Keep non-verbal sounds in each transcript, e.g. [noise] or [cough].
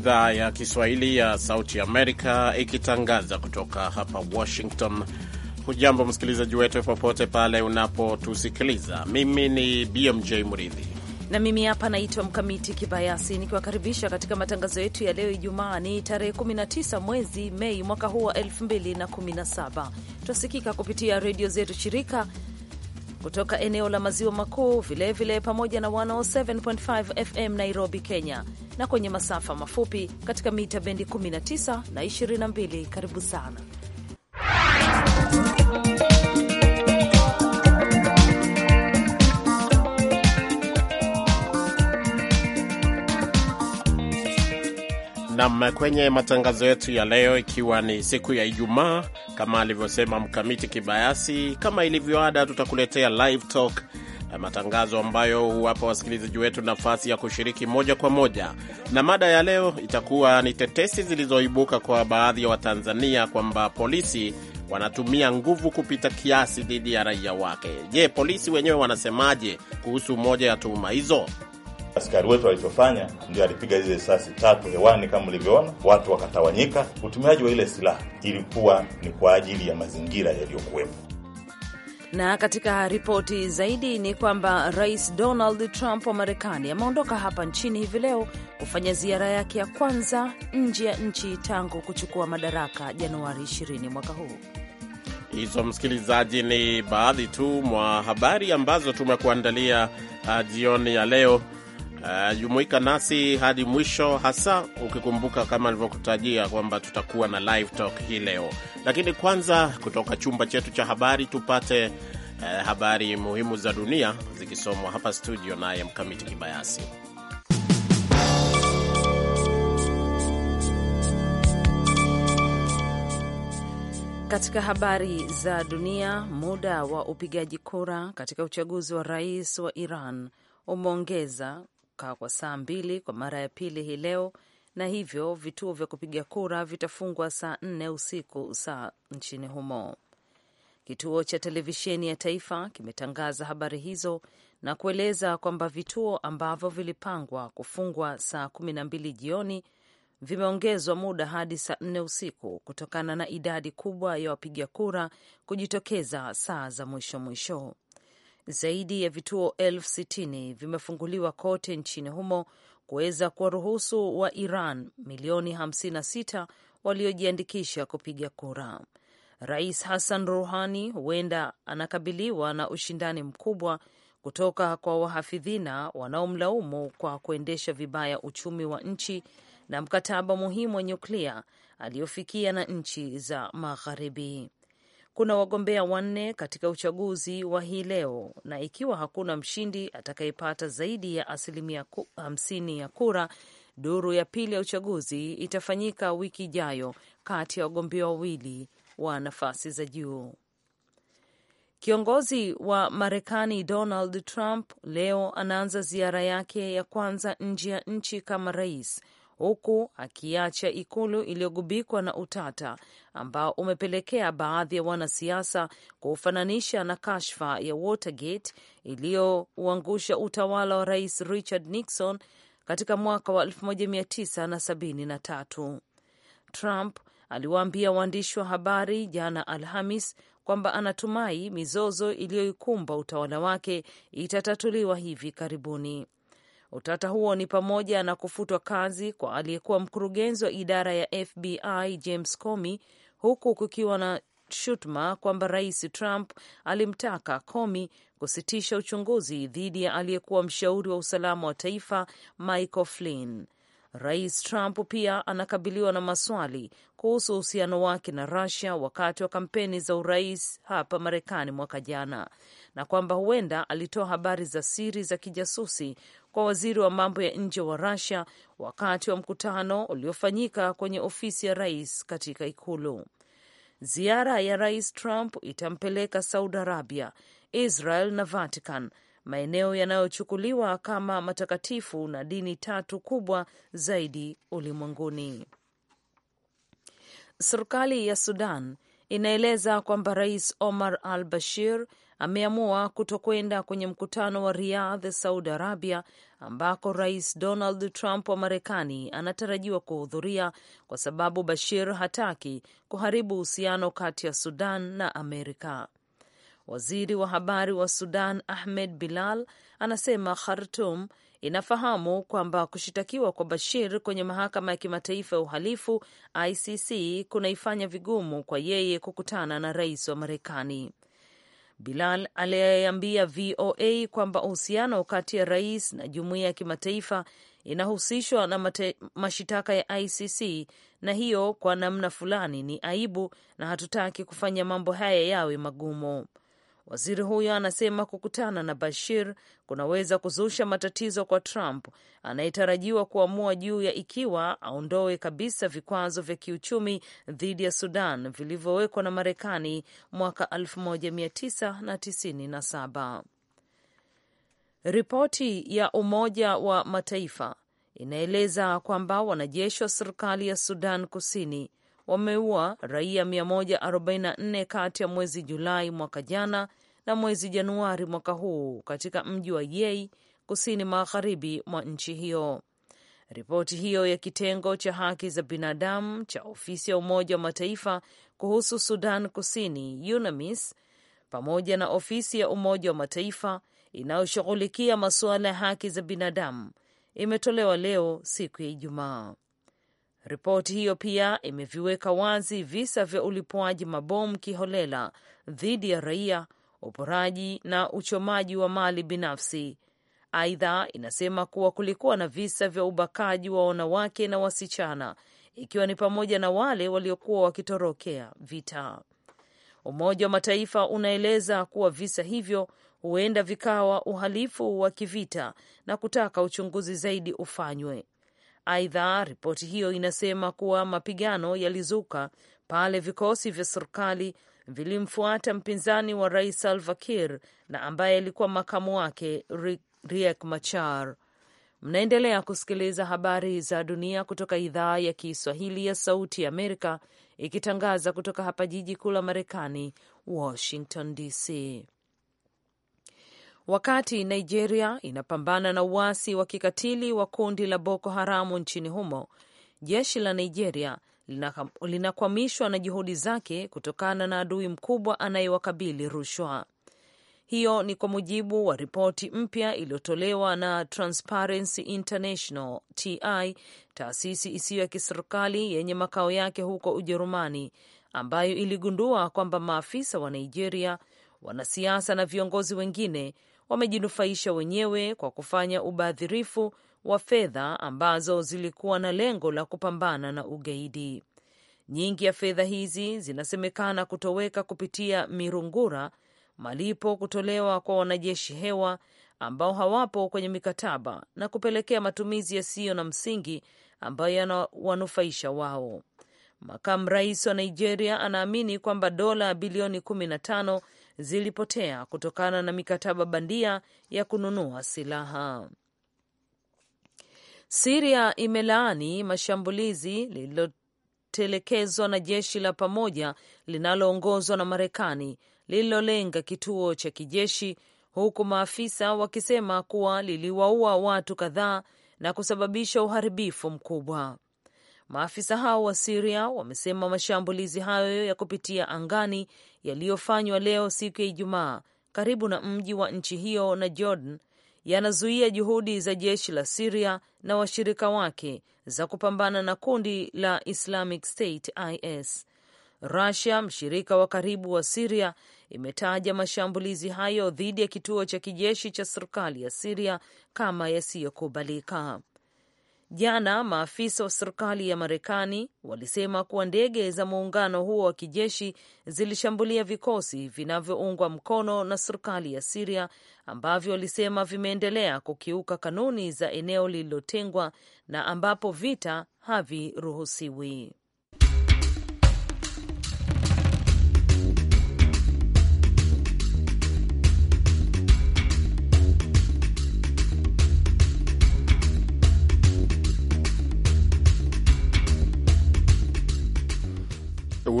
idhaa ya Kiswahili ya Sauti Amerika ikitangaza kutoka hapa Washington. Hujambo msikilizaji wetu popote pale unapotusikiliza. Mimi ni BMJ Muridhi na mimi hapa naitwa Mkamiti Kibayasi nikiwakaribisha katika matangazo yetu ya leo. Ijumaa ni tarehe 19 mwezi Mei mwaka huu wa 2017. Twasikika kupitia redio zetu shirika kutoka eneo la maziwa makuu, vilevile pamoja na 107.5 FM Nairobi, Kenya, na kwenye masafa mafupi katika mita bendi 19 na 22. Karibu sana Nam, kwenye matangazo yetu ya leo, ikiwa ni siku ya Ijumaa kama alivyosema Mkamiti Kibayasi, kama ilivyoada, tutakuletea live talk, matangazo ambayo huwapa wasikilizaji wetu nafasi ya kushiriki moja kwa moja, na mada ya leo itakuwa ni tetesi zilizoibuka kwa baadhi ya wa Watanzania kwamba polisi wanatumia nguvu kupita kiasi dhidi ya raia wake. Je, polisi wenyewe wanasemaje kuhusu moja ya tuhuma hizo? Askari wetu alichofanya ndio alipiga zile risasi tatu hewani kama ulivyoona, watu wakatawanyika. Utumiaji wa ile silaha ilikuwa ni kwa ajili ya mazingira yaliyokuwepo. Na katika ripoti zaidi ni kwamba Rais Donald Trump wa Marekani ameondoka hapa nchini hivi leo kufanya ziara yake ya kwanza nje ya nchi tangu kuchukua madaraka Januari 20 mwaka huu. Hizo msikilizaji, ni baadhi tu mwa habari ambazo tumekuandalia uh, jioni ya leo. Uh, jumuika nasi hadi mwisho, hasa ukikumbuka kama alivyokutajia kwamba tutakuwa na live talk hii leo. Lakini kwanza kutoka chumba chetu cha habari tupate uh, habari muhimu za dunia zikisomwa hapa studio naye Mkamiti Kibayasi. Katika habari za dunia, muda wa upigaji kura katika uchaguzi wa rais wa Iran umeongeza kutoka kwa saa mbili kwa mara ya pili hii leo, na hivyo vituo vya kupiga kura vitafungwa saa nne usiku saa nchini humo. Kituo cha televisheni ya taifa kimetangaza habari hizo na kueleza kwamba vituo ambavyo vilipangwa kufungwa saa kumi na mbili jioni vimeongezwa muda hadi saa nne usiku kutokana na idadi kubwa ya wapiga kura kujitokeza saa za mwisho mwisho. Zaidi ya vituo elfu sitini vimefunguliwa kote nchini humo kuweza kuwaruhusu wa Iran milioni 56 waliojiandikisha kupiga kura. Rais Hassan Rouhani huenda anakabiliwa na ushindani mkubwa kutoka kwa wahafidhina wanaomlaumu kwa kuendesha vibaya uchumi wa nchi na mkataba muhimu wa nyuklia aliyofikia na nchi za Magharibi. Kuna wagombea wanne katika uchaguzi wa hii leo, na ikiwa hakuna mshindi atakayepata zaidi ya asilimia hamsini ya kura, duru ya pili ya uchaguzi itafanyika wiki ijayo kati ya wagombea wawili wa nafasi za juu. Kiongozi wa Marekani Donald Trump leo anaanza ziara yake ya kwanza nje ya nchi kama rais huku akiacha ikulu iliyogubikwa na utata ambao umepelekea baadhi ya wanasiasa kuufananisha na kashfa ya Watergate iliyouangusha utawala wa Rais Richard Nixon katika mwaka wa 1973. Trump aliwaambia waandishi wa habari jana Alhamis kwamba anatumai mizozo iliyoikumba utawala wake itatatuliwa hivi karibuni. Utata huo ni pamoja na kufutwa kazi kwa aliyekuwa mkurugenzi wa idara ya FBI James Comey, huku kukiwa na shutuma kwamba Rais Trump alimtaka Comey kusitisha uchunguzi dhidi ya aliyekuwa mshauri wa usalama wa taifa Michael Flynn. Rais Trump pia anakabiliwa na maswali kuhusu uhusiano wake na Russia wakati wa kampeni za urais hapa Marekani mwaka jana na kwamba huenda alitoa habari za siri za kijasusi kwa waziri wa mambo ya nje wa rasia wakati wa mkutano uliofanyika kwenye ofisi ya rais katika ikulu. Ziara ya Rais Trump itampeleka Saudi Arabia, Israel na Vatican, maeneo yanayochukuliwa kama matakatifu na dini tatu kubwa zaidi ulimwenguni. Serikali ya Sudan inaeleza kwamba Rais Omar al Bashir ameamua kutokwenda kwenye mkutano wa Riyadh, Saudi Arabia, ambako Rais Donald Trump wa Marekani anatarajiwa kuhudhuria kwa sababu Bashir hataki kuharibu uhusiano kati ya Sudan na Amerika. Waziri wa habari wa Sudan Ahmed Bilal anasema Khartum inafahamu kwamba kushitakiwa kwa Bashir kwenye mahakama ya kimataifa ya uhalifu ICC kunaifanya vigumu kwa yeye kukutana na rais wa Marekani. Bilal aliyeambia VOA kwamba uhusiano kati ya rais na jumuiya ya kimataifa inahusishwa na mate, mashitaka ya ICC na hiyo kwa namna fulani ni aibu na hatutaki kufanya mambo haya yawe magumu. Waziri huyo anasema kukutana na Bashir kunaweza kuzusha matatizo kwa Trump anayetarajiwa kuamua juu ya ikiwa aondoe kabisa vikwazo vya kiuchumi dhidi ya Sudan vilivyowekwa na Marekani mwaka 1997. Ripoti ya Umoja wa Mataifa inaeleza kwamba wanajeshi wa serikali ya Sudan Kusini wameua raia 144 kati ya mwezi Julai mwaka jana na mwezi Januari mwaka huu katika mji wa Yei kusini magharibi mwa nchi hiyo. Ripoti hiyo ya kitengo cha haki za binadamu cha ofisi ya Umoja wa Mataifa kuhusu Sudan Kusini, UNAMIS, pamoja na ofisi ya Umoja wa Mataifa inayoshughulikia masuala ya haki za binadamu imetolewa leo siku ya Ijumaa. Ripoti hiyo pia imeviweka wazi visa vya ulipuaji mabomu kiholela dhidi ya raia, uporaji na uchomaji wa mali binafsi. Aidha, inasema kuwa kulikuwa na visa vya ubakaji wa wanawake na wasichana, ikiwa ni pamoja na wale waliokuwa wakitorokea vita. Umoja wa Mataifa unaeleza kuwa visa hivyo huenda vikawa uhalifu wa kivita na kutaka uchunguzi zaidi ufanywe. Aidha, ripoti hiyo inasema kuwa mapigano yalizuka pale vikosi vya serikali vilimfuata mpinzani wa rais Salva Kiir na ambaye alikuwa makamu wake Riek Machar. Mnaendelea kusikiliza habari za dunia kutoka idhaa ya Kiswahili ya Sauti ya Amerika, ikitangaza kutoka hapa jiji kuu la Marekani, Washington DC wakati Nigeria inapambana na uasi wa kikatili wa kundi la Boko Haramu nchini humo, jeshi la Nigeria linakwamishwa na juhudi zake kutokana na adui mkubwa anayewakabili rushwa. Hiyo ni kwa mujibu wa ripoti mpya iliyotolewa na Transparency International TI, taasisi isiyo ya kiserikali yenye makao yake huko Ujerumani, ambayo iligundua kwamba maafisa wa Nigeria, wanasiasa na viongozi wengine wamejinufaisha wenyewe kwa kufanya ubadhirifu wa fedha ambazo zilikuwa na lengo la kupambana na ugaidi. Nyingi ya fedha hizi zinasemekana kutoweka kupitia mirungura, malipo kutolewa kwa wanajeshi hewa ambao hawapo kwenye mikataba na kupelekea matumizi yasiyo na msingi ambayo yanawanufaisha wao. Makamu rais wa Nigeria anaamini kwamba dola bilioni tano zilipotea kutokana na mikataba bandia ya kununua silaha. Siria imelaani mashambulizi lililotelekezwa na jeshi la pamoja linaloongozwa na Marekani lililolenga kituo cha kijeshi huku maafisa wakisema kuwa liliwaua watu kadhaa na kusababisha uharibifu mkubwa. Maafisa hao wa Siria wamesema mashambulizi hayo ya kupitia angani yaliyofanywa leo siku ya Ijumaa karibu na mji wa nchi hiyo na Jordan yanazuia juhudi za jeshi la Siria na washirika wake za kupambana na kundi la Islamic State IS. Rusia, mshirika wa karibu wa Siria, imetaja mashambulizi hayo dhidi ya kituo cha kijeshi cha serikali ya Siria kama yasiyokubalika. Jana maafisa wa serikali ya Marekani walisema kuwa ndege za muungano huo wa kijeshi zilishambulia vikosi vinavyoungwa mkono na serikali ya Siria ambavyo walisema vimeendelea kukiuka kanuni za eneo lililotengwa na ambapo vita haviruhusiwi.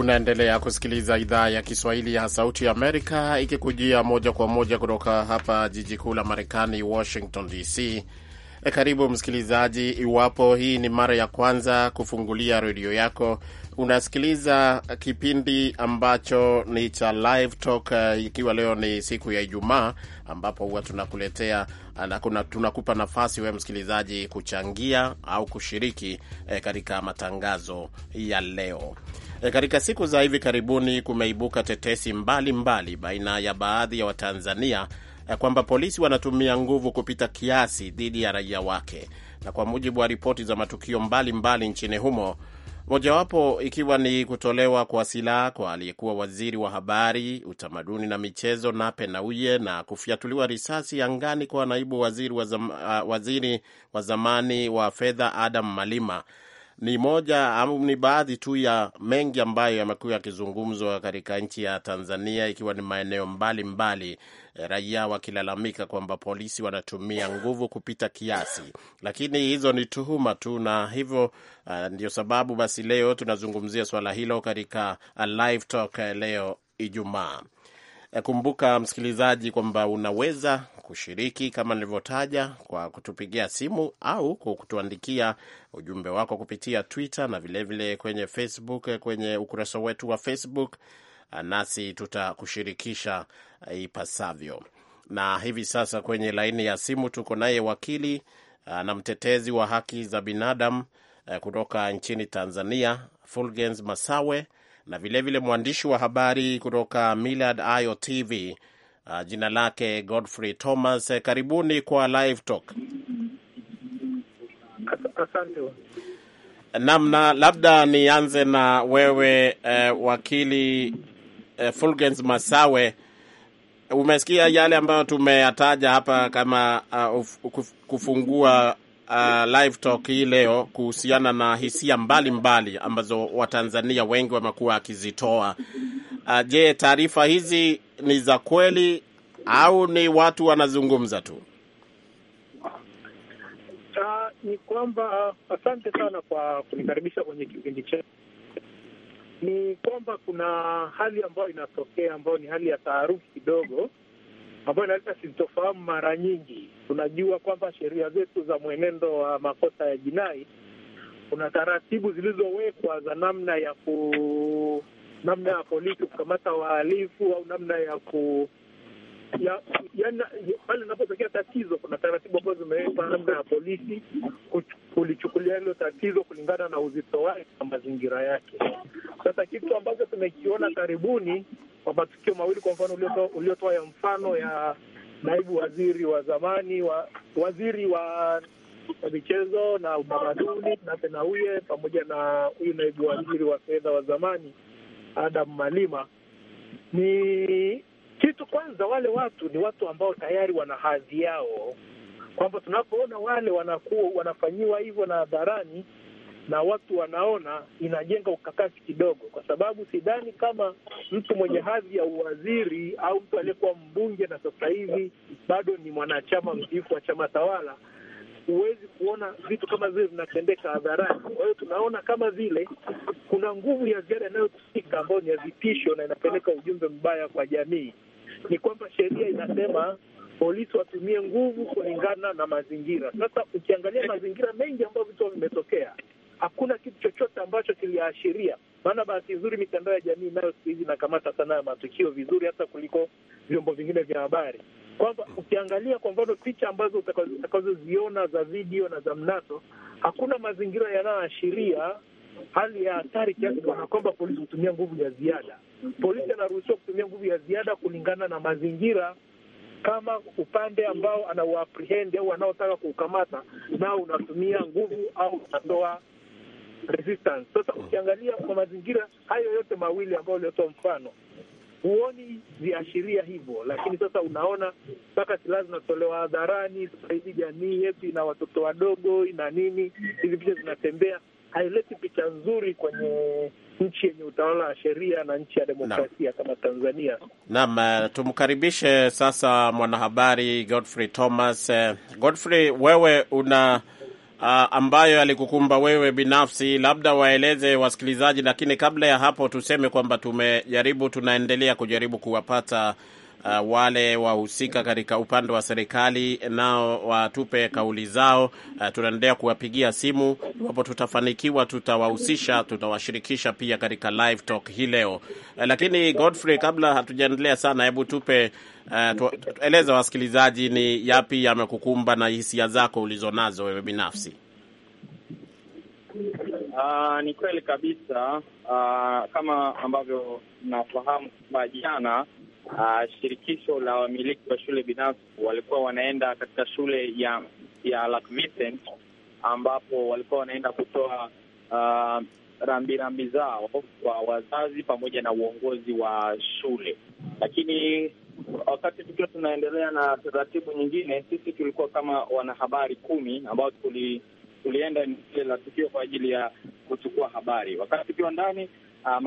Unaendelea kusikiliza idhaa ya Kiswahili ya Sauti ya Amerika ikikujia moja kwa moja kutoka hapa jiji kuu la Marekani, Washington DC. E, karibu msikilizaji, iwapo hii ni mara ya kwanza kufungulia redio yako, unasikiliza kipindi ambacho ni cha Live Talk, e, ikiwa leo ni siku ya Ijumaa ambapo huwa tunakuletea e, na tunakupa nafasi wewe msikilizaji kuchangia au kushiriki e, katika matangazo ya leo. E, katika siku za hivi karibuni kumeibuka tetesi mbalimbali mbali baina ya baadhi ya Watanzania e, kwamba polisi wanatumia nguvu kupita kiasi dhidi ya raia wake, na kwa mujibu wa ripoti za matukio mbalimbali mbali nchini humo, mojawapo ikiwa ni kutolewa kwa silaha kwa aliyekuwa waziri wa habari, utamaduni na michezo Nape Nnauye na kufyatuliwa risasi angani kwa naibu waziri wa, zam, uh, waziri wa zamani wa fedha Adam Malima ni moja au ni baadhi tu ya mengi ambayo yamekuwa yakizungumzwa katika nchi ya Tanzania, ikiwa ni maeneo mbalimbali mbali, eh, raia wakilalamika kwamba polisi wanatumia nguvu kupita kiasi. Lakini hizo ni tuhuma tu, na hivyo uh, ndio sababu basi leo tunazungumzia swala hilo katika eh, live talk leo Ijumaa. Eh, kumbuka msikilizaji, kwamba unaweza kushiriki kama nilivyotaja kwa kutupigia simu au kwa kutuandikia ujumbe wako kupitia Twitter na vilevile vile kwenye Facebook, eh, kwenye ukurasa wetu wa Facebook, eh, nasi tutakushirikisha ipasavyo. Na hivi sasa kwenye laini ya simu tuko naye wakili na mtetezi wa haki za binadamu kutoka nchini Tanzania, Fulgens Masawe na vilevile mwandishi wa habari kutoka Millard Ayo TV uh, jina lake Godfrey Thomas. Eh, karibuni kwa Live Talk. Asante. labda nianze na wewe eh, wakili eh, Fulgens Masawe, umesikia yale ambayo tumeyataja hapa kama uh, kufungua uh, live talk hii leo kuhusiana na hisia mbalimbali mbali ambazo Watanzania wengi wamekuwa akizitoa. Uh, je, taarifa hizi ni za kweli au ni watu wanazungumza tu? Uh, ni kwamba uh, asante sana kwa kunikaribisha kwenye kipindi chetu. Ni kwamba kuna hali ambayo inatokea ambayo ni hali ya taharuki kidogo ambayo inaleta sintofahamu mara nyingi. Tunajua kwamba sheria zetu za mwenendo wa makosa ya jinai, kuna taratibu zilizowekwa za namna ya ku namna ya polisi kukamata wahalifu au namna ya ku ya, ya, ya, pale inapotokea tatizo, kuna taratibu ambazo zimewekwa namna ya polisi kulichukulia hilo tatizo kulingana na uzito wake na mazingira yake. Sasa kitu ambacho tumekiona karibuni kwa matukio mawili, kwa mfano uliotoa ya mfano ya naibu waziri wa zamani wa waziri wa michezo na utamaduni Nathan pamoja na huyu naibu waziri wa fedha wa zamani Adam Malima ni kitu kwanza, wale watu ni watu ambao tayari wana hadhi yao, kwamba tunapoona wale wanakuwa wanafanyiwa hivyo na hadharani, na watu wanaona inajenga ukakasi kidogo, kwa sababu sidhani kama mtu mwenye hadhi ya uwaziri au mtu aliyekuwa mbunge na sasa hivi bado ni mwanachama mtiifu wa chama tawala, huwezi kuona vitu kama vile vinatendeka hadharani. Kwa hiyo tunaona kama vile kuna nguvu ya ziara inayotusika ambayo ni ya vitisho na inapeleka ujumbe mbaya kwa jamii. Ni kwamba sheria inasema polisi watumie nguvu kulingana na mazingira. Sasa ukiangalia mazingira mengi ambayo vitu vimetokea hakuna kitu chochote ambacho kiliashiria. Maana bahati nzuri mitandao ya jamii nayo siku hizi inakamata sana ya matukio vizuri, hata kuliko vyombo vingine vya habari, kwamba ukiangalia kwa mfano picha ambazo utakazoziona za video na za mnato, hakuna mazingira yanayoashiria hali ya hatari kiasi kana kwamba polisi hutumia nguvu ya ziada. Polisi anaruhusiwa kutumia nguvu ya ziada kulingana na mazingira kama upande ambao anauaprehend au anaotaka kuukamata nao unatumia nguvu au unatoa resistance. Sasa mm. ukiangalia kwa mazingira hayo yote mawili ambayo uliotoa mfano, huoni viashiria hivyo, lakini sasa unaona mpaka silaha zinatolewa hadharani. Sasa hivi jamii yetu ina watoto wadogo, ina nini, hizi picha zinatembea, haileti picha nzuri kwenye nchi yenye utawala wa sheria na nchi ya demokrasia kama Tanzania. Naam, eh, tumkaribishe sasa mwanahabari Godfrey Thomas. Eh, Godfrey, wewe una uh, ambayo yalikukumba wewe binafsi, labda waeleze wasikilizaji. Lakini kabla ya hapo, tuseme kwamba tumejaribu, tunaendelea kujaribu kuwapata uh, wale wahusika katika upande wa serikali nao watupe kauli zao. Uh, tunaendelea kuwapigia simu, iwapo tutafanikiwa tutawahusisha, tutawashirikisha pia katika live talk hii leo. Uh, lakini Godfrey, kabla hatujaendelea sana, hebu tupe uh, tueleze wasikilizaji ni yapi yamekukumba na hisia zako ulizonazo wewe binafsi. Uh, ni kweli kabisa. Uh, kama ambavyo nafahamu kwamba jana uh, shirikisho la wamiliki wa shule binafsi walikuwa wanaenda katika shule ya ya Lake Vincent ambapo walikuwa wanaenda kutoa uh, rambirambi zao kwa wazazi pamoja na uongozi wa shule. Lakini wakati tukiwa tunaendelea na taratibu nyingine, sisi tulikuwa kama wanahabari kumi ambao tuli, tulienda eneo la tukio kwa ajili ya kuchukua habari. Wakati tukiwa ndani Ah,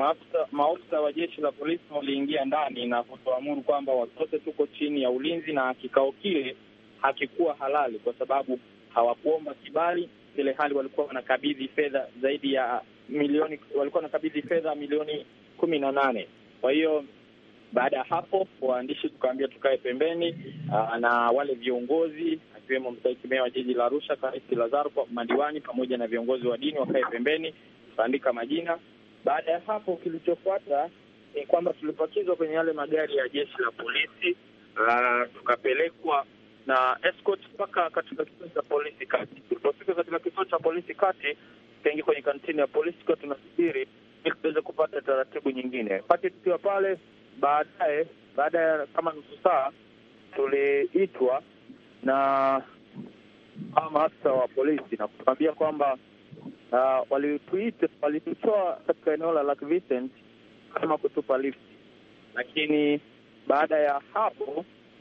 maafisa wa jeshi la polisi waliingia ndani na kutoamuru kwamba watote wote tuko chini ya ulinzi, na kikao kile hakikuwa halali kwa sababu hawakuomba kibali, ile hali walikuwa wanakabidhi fedha zaidi ya milioni, walikuwa wanakabidhi fedha milioni kumi na nane. Kwa hiyo baada ya hapo waandishi tukaambia tukae pembeni, aa, ah, na wale viongozi akiwemo mstahiki meya wa jiji la Arusha Karisi Lazaro, kwa madiwani pamoja na viongozi wa dini wakae pembeni, tukaandika majina baada ya hapo, kilichofuata ni kwamba tulipakizwa kwenye yale magari ya jeshi la polisi uh, tukapelekwa na escort mpaka katika kituo cha polisi kati. Tulipofika katika kituo cha polisi kati, tukaingia kwenye kantini ya polisi tukiwa tunasubiri ili tuweze kupata taratibu nyingine. Wakati tukiwa pale, baadaye baada ya kama nusu saa tuliitwa na maafisa wa polisi na kutuambia kwamba uh, walituita walitutoa katika eneo la Lake Vincent kama kutupa lift, lakini baada ya hapo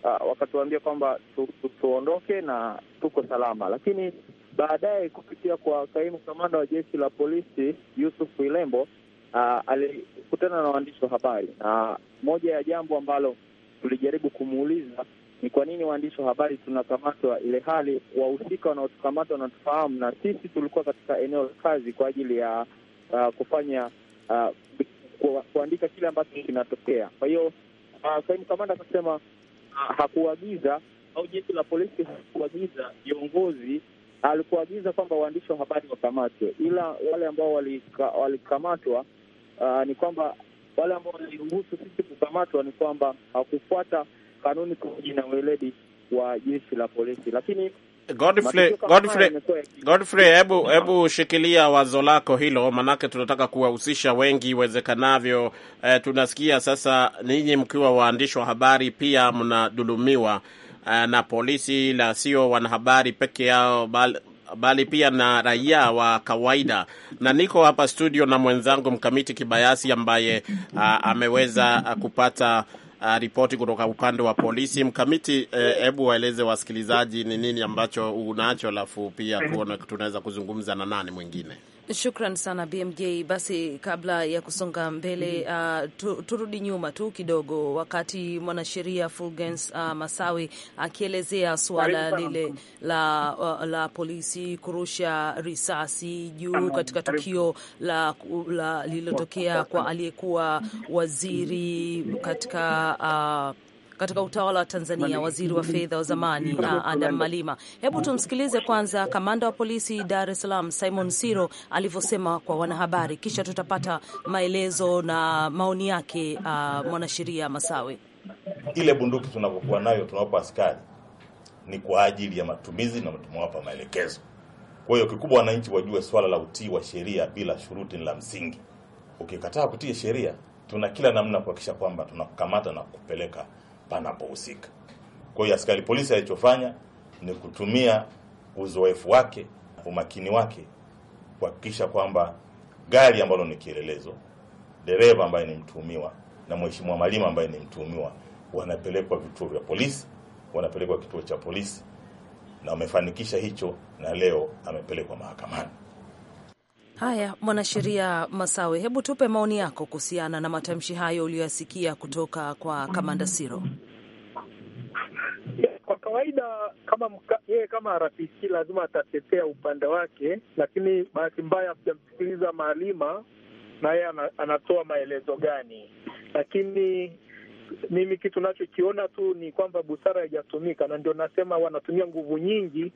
uh, wakatuambia kwamba tu, tu, tuondoke na tuko salama, lakini baadaye kupitia kwa kaimu kamanda wa jeshi la polisi Yusuf Ilembo uh, alikutana na waandishi wa habari na uh, moja ya jambo ambalo tulijaribu kumuuliza ni kwa nini waandishi wa habari tunakamatwa, ile hali wahusika wanaotukamata wanatufahamu, na sisi tulikuwa katika eneo la kazi kwa ajili ya uh, kufanya uh, kuandika kile ambacho kinatokea. Kwa hiyo uh, kaimu kamanda akasema uh, hakuagiza au jeshi la polisi hakuagiza viongozi, alikuagiza kwamba waandishi wa habari wakamatwe, ila wale ambao walikamatwa wali uh, ni kwamba wale ambao waliruhusu sisi kukamatwa ni kwamba hakufuata uh, kanuni kwa na weledi wa jeshi la polisi, lakini Godfrey, Godfrey, Godfrey, hebu hebu shikilia wazo lako hilo, manake tunataka kuwahusisha wengi iwezekanavyo. E, tunasikia sasa ninyi mkiwa waandishi wa habari pia mnadulumiwa eh, na polisi, la sio wanahabari peke yao bali bali pia na raia wa kawaida. Na niko hapa studio na mwenzangu Mkamiti Kibayasi ambaye a, ah, ameweza ah, kupata uh, ripoti kutoka upande wa polisi. Mkamiti, eh, hebu eh, waeleze wasikilizaji ni nini ambacho unacho, alafu pia tuone tunaweza kuzungumza na nani mwingine. Shukran sana BMJ. Basi kabla ya kusonga mbele, mm-hmm. uh, tu, turudi nyuma tu kidogo, wakati mwanasheria Fulgens uh, Masawi akielezea uh, suala lile la, uh, la polisi kurusha risasi juu katika tukio la lililotokea kwa aliyekuwa mm-hmm. waziri mm-hmm. katika uh, katika utawala wa Tanzania, waziri wa fedha wa zamani ah, Adam Malima. Hebu tumsikilize kwanza kamanda wa polisi Dar es Salaam Simon Siro alivyosema kwa wanahabari, kisha tutapata maelezo na maoni yake uh, mwanasheria Masawe. Ile bunduki tunapokuwa nayo tunawapa askari ni kwa ajili ya matumizi na tumewapa maelekezo. Kwa hiyo kikubwa wananchi wajue swala la utii wa sheria bila shuruti ni la msingi. Ukikataa kutii sheria, tuna kila namna kuhakikisha kwamba tunakukamata na kupeleka panapohusika. Kwa hiyo askari polisi alichofanya ni kutumia uzoefu wake, umakini wake kuhakikisha kwamba gari ambalo ni kielelezo, dereva ambaye ni mtuhumiwa na mheshimiwa Malima ambaye ni mtuhumiwa wanapelekwa vituo vya polisi, wanapelekwa kituo cha polisi na wamefanikisha hicho, na leo amepelekwa mahakamani. Haya, mwanasheria Masawe, hebu tupe maoni yako kuhusiana na matamshi hayo uliyoyasikia kutoka kwa kamanda Siro. Kwa kawaida kama yeye kama RPC lazima atatetea upande wake, lakini bahati mbaya hatujamsikiliza Maalima na yeye anatoa maelezo gani, lakini mimi kitu nachokiona tu ni kwamba busara haijatumika, na ndio nasema wanatumia nguvu nyingi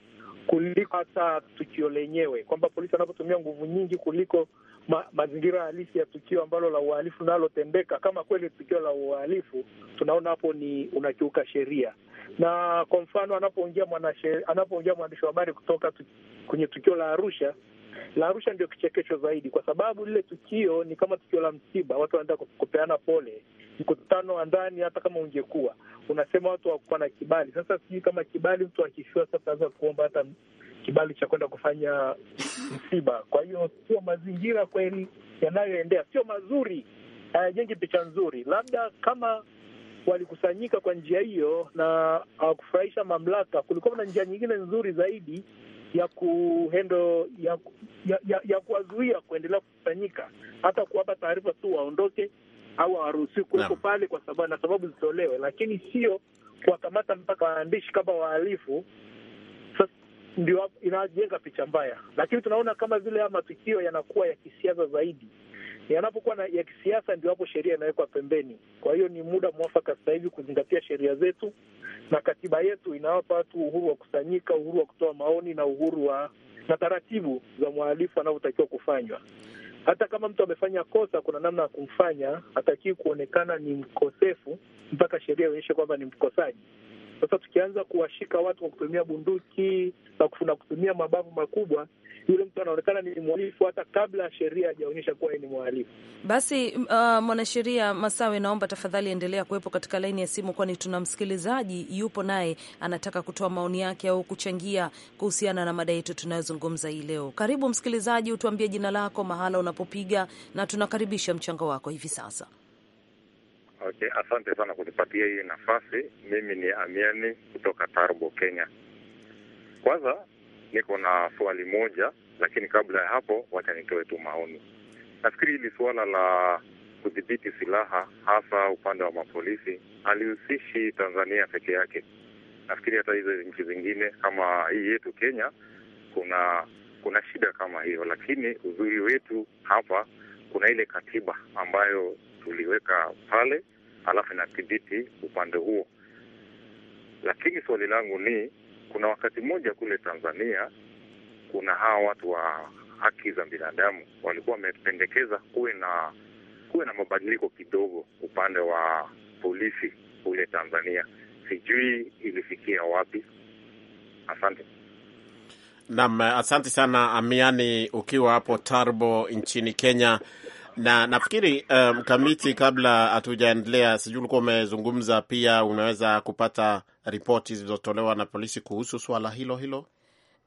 kuliko hata tukio lenyewe, kwamba polisi wanapotumia nguvu nyingi kuliko ma, mazingira halisi ya tukio ambalo la uhalifu linalotendeka. Kama kweli tukio la uhalifu, tunaona hapo ni unakiuka sheria. Na kwa mfano, anapoongea mwanashi, anapoongea mwandishi wa habari kutoka tu, kwenye tukio la Arusha la Arusha ndio kichekesho zaidi, kwa sababu lile tukio ni kama tukio la msiba, watu wanaenda kupeana pole, mkutano wa ndani, hata kama ungekuwa unasema watu hawakuwa na kibali. Sasa sijui kama kibali mtu akishua, sasa anaweza kuomba hata kibali cha kwenda kufanya msiba. Kwa hiyo sio mazingira kweli yanayoendea, sio mazuri, hayajengi picha nzuri. Labda kama walikusanyika kwa njia hiyo na hawakufurahisha mamlaka, kulikuwa na njia nyingine nzuri zaidi ya kuhendo ya, ya, ya, ya kuwazuia kuendelea kukusanyika, hata kuwapa taarifa tu waondoke au hawaruhusiwi kuwepo pale kwa sababu na sababu zitolewe, lakini sio kuwakamata mpaka waandishi kama wahalifu. Sasa ndio inajenga picha mbaya, lakini tunaona kama vile haya matukio yanakuwa ya kisiasa zaidi. Yanapokuwa na, ya kisiasa ndio hapo sheria inawekwa pembeni. Kwa hiyo ni muda mwafaka sasa hivi kuzingatia sheria zetu na katiba yetu inawapa watu uhuru wa kusanyika, uhuru wa kutoa maoni na uhuru wa na taratibu za mhalifu anavyotakiwa kufanywa. Hata kama mtu amefanya kosa, kuna namna ya kumfanya, hatakiwi kuonekana ni mkosefu mpaka sheria ionyeshe kwamba ni mkosaji. Sasa tukianza kuwashika watu kwa kutumia bunduki na kutumia mabavu makubwa, yule mtu anaonekana ni mhalifu hata kabla ya sheria hajaonyesha kuwa ni mhalifu. Basi uh, mwanasheria Masawe, naomba tafadhali endelea kuwepo katika laini ya simu, kwani tuna msikilizaji yupo naye anataka kutoa maoni yake au kuchangia kuhusiana na mada yetu tunayozungumza hii leo. Karibu msikilizaji, utuambie jina lako, mahala unapopiga na tunakaribisha mchango wako hivi sasa. Okay, asante sana kunipatia hii nafasi. Mimi ni Amiani kutoka Tarbo, Kenya. Kwanza niko na swali moja, lakini kabla ya hapo, wacha nitoe tu maoni. Nafikiri hili suala la kudhibiti silaha hasa upande wa mapolisi alihusishi Tanzania peke yake. Nafikiri hata hizo nchi zingine kama hii yetu Kenya kuna kuna shida kama hiyo, lakini uzuri wetu hapa kuna ile katiba ambayo tuliweka pale, alafu inadhibiti upande huo. Lakini swali langu ni kuna wakati mmoja kule Tanzania kuna hawa watu wa haki za binadamu walikuwa wamependekeza kuwe na kuwe na mabadiliko kidogo upande wa polisi kule Tanzania. Sijui ilifikia wapi. Asante. Naam, asante sana Amiani, ukiwa hapo Tarbo nchini Kenya. Na nafikiri eh, mkamiti, um, kabla hatujaendelea, sijui ulikuwa umezungumza pia, unaweza kupata ripoti zilizotolewa na polisi kuhusu swala hilo hilo.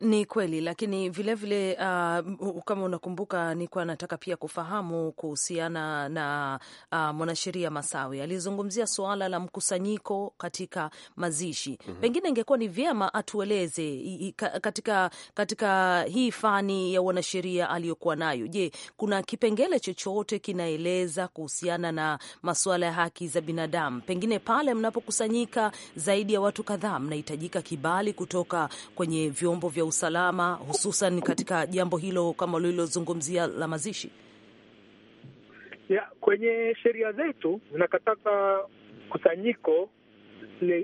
Ni kweli lakini vilevile vile, uh, kama unakumbuka nilikuwa nataka pia kufahamu kuhusiana na uh, mwanasheria Masawi alizungumzia suala la mkusanyiko katika mazishi mm -hmm. Pengine ingekuwa ni vyema atueleze katika, katika hii fani ya wanasheria aliyokuwa nayo. Je, kuna kipengele chochote kinaeleza kuhusiana na masuala ya haki za binadamu? Pengine pale mnapokusanyika zaidi ya watu kadhaa, mnahitajika kibali kutoka kwenye vyombo vya usalama, hususan katika jambo hilo kama ulilozungumzia la mazishi? Ya, kwenye sheria zetu zinakataza kusanyiko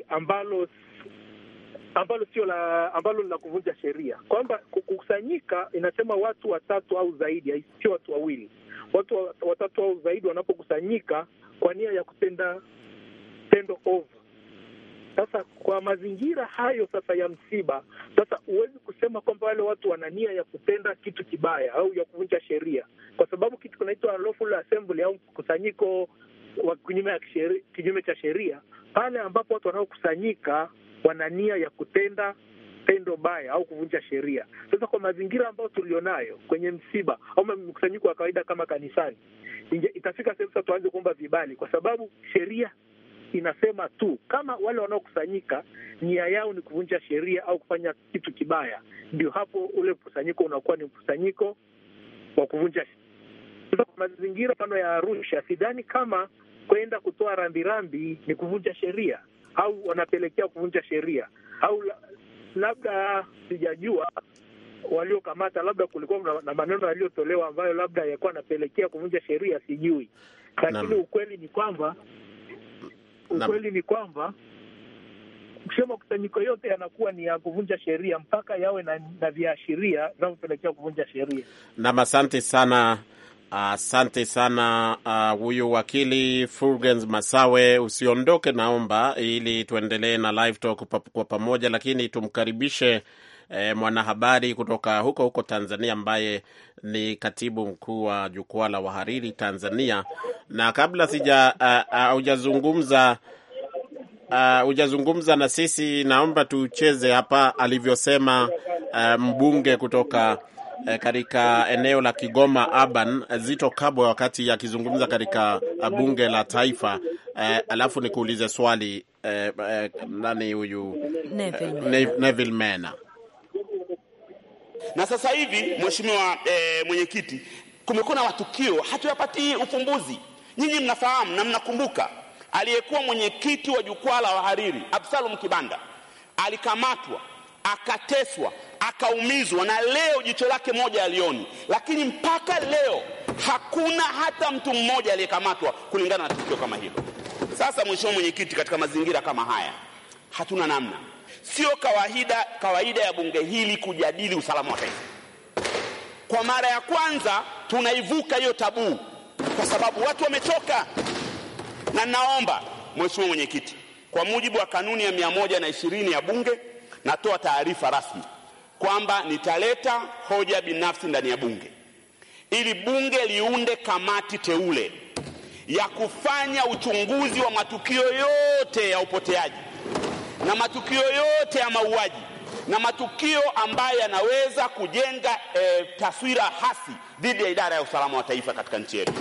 ambalo ambalo sio la ambalo la kuvunja sheria, kwamba kukusanyika inasema watu watatu au zaidi, sio watu wawili. Watu watatu au zaidi wanapokusanyika kwa nia ya kutenda tendo ovu sasa kwa mazingira hayo sasa ya msiba, sasa huwezi kusema kwamba wale watu wana nia ya kutenda kitu kibaya au ya kuvunja sheria, kwa sababu kitu kinaitwa assembly au mkusanyiko wa kinyume cha sheria, pale ambapo watu wanaokusanyika wana nia ya kutenda tendo baya au kuvunja sheria. Sasa kwa mazingira ambayo tulionayo kwenye msiba au mkusanyiko wa kawaida kama kanisani, itafika sehemu sasa tuanze kuomba vibali, kwa sababu sheria inasema tu kama wale wanaokusanyika nia yao ni kuvunja sheria au kufanya kitu kibaya, ndio hapo ule mkusanyiko unakuwa ni mkusanyiko wa kuvunja mazingira. Mfano ya Arusha, sidhani kama kwenda kutoa rambirambi ni kuvunja sheria au wanapelekea kuvunja sheria au labda, sijajua waliokamata labda kulikuwa na maneno yaliyotolewa ambayo labda yalikuwa anapelekea kuvunja sheria, sijui. Lakini ukweli ni kwamba Ukweli ni kwamba kusema kusanyiko yote yanakuwa ni ya kuvunja sheria mpaka yawe na, na viashiria vinavyopelekea kuvunja sheria. Nam, asante sana. Asante uh, sana huyu uh, wakili Fulgens Masawe, usiondoke naomba, ili tuendelee na live talk kwa pamoja, lakini tumkaribishe e, mwanahabari kutoka huko huko Tanzania ambaye ni katibu mkuu wa jukwaa la wahariri Tanzania. Na kabla sija hujazungumza hujazungumza uh, na sisi, naomba tucheze hapa alivyosema uh, mbunge kutoka uh, katika eneo la Kigoma aban Zito Kabwe wakati akizungumza katika bunge la taifa uh, alafu nikuulize swali uh, uh, nani huyu Neville Mena. Na sasa hivi mheshimiwa e, mwenyekiti, kumekuwa na matukio hatuyapatii ufumbuzi. Nyinyi mnafahamu na mnakumbuka aliyekuwa mwenyekiti wa jukwaa la wahariri Absalom Kibanda alikamatwa, akateswa, akaumizwa na leo jicho lake moja alioni, lakini mpaka leo hakuna hata mtu mmoja aliyekamatwa kulingana na tukio kama hilo. Sasa mheshimiwa mwenyekiti, katika mazingira kama haya hatuna namna. Sio kawaida, kawaida ya bunge hili kujadili usalama wa taifa. Kwa mara ya kwanza tunaivuka hiyo tabuu, kwa sababu watu wamechoka, na naomba Mheshimiwa Mwenyekiti, kwa mujibu wa kanuni ya 120 ya Bunge, natoa taarifa rasmi kwamba nitaleta hoja binafsi ndani ya Bunge ili Bunge liunde kamati teule ya kufanya uchunguzi wa matukio yote ya upoteaji na matukio yote ya mauaji na matukio ambayo yanaweza kujenga e, taswira hasi dhidi ya idara ya usalama wa taifa katika nchi yetu.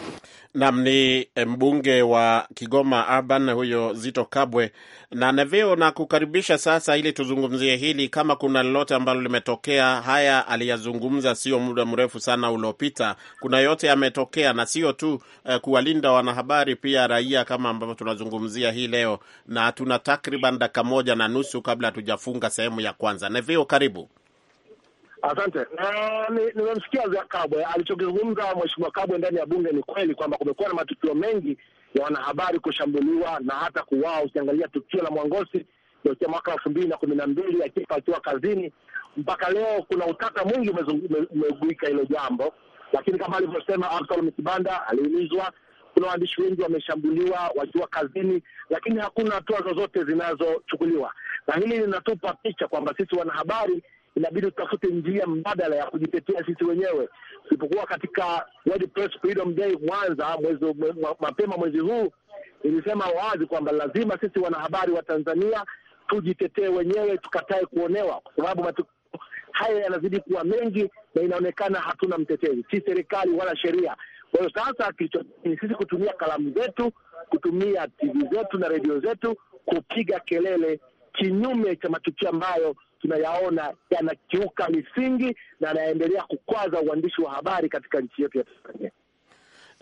Nam ni eh, mbunge wa Kigoma Urban huyo Zito Kabwe na Neveo, na kukaribisha sasa ili tuzungumzie hili kama kuna lolote ambalo limetokea. Haya aliyazungumza sio muda mrefu sana uliopita, kuna yote yametokea, na sio tu eh, kuwalinda wanahabari, pia raia kama ambavyo tunazungumzia hii leo, na tuna takriban dakika moja na nusu kabla hatujafunga sehemu ya kwanza. Neveo, karibu. Asante. Nimemsikia ni Kabwe alichokizungumza mheshimiwa Kabwe ndani ya bunge ni kweli kwamba kumekuwa na matukio mengi ya wanahabari kushambuliwa na hata kuwao. Ukiangalia tukio la Mwangosi lokia mwaka elfu mbili na kumi na mbili akifa akiwa kazini, mpaka leo kuna utata mwingi umeguika hilo jambo, lakini kama alivyosema Absalom Kibanda aliumizwa. Kuna waandishi wengi wameshambuliwa wakiwa kazini, lakini hakuna hatua zozote zinazochukuliwa, na hili linatupa picha kwamba sisi wanahabari inabidi tutafute njia mbadala ya kujitetea sisi wenyewe. Tulipokuwa katika World Press Freedom Day Mwanza mwezi mapema mwezi huu, ilisema wazi kwamba lazima sisi wanahabari wa Tanzania tujitetee wenyewe, tukatae kuonewa, kwa sababu matukio haya yanazidi kuwa mengi na inaonekana hatuna mtetezi, si serikali wala sheria. Kwa hiyo sasa kilicho ni sisi kutumia kalamu zetu, kutumia TV zetu na redio zetu kupiga kelele kinyume cha matukio ambayo tunayaona yanakiuka misingi na yanaendelea kukwaza uandishi wa habari katika nchi yetu ya Tanzania.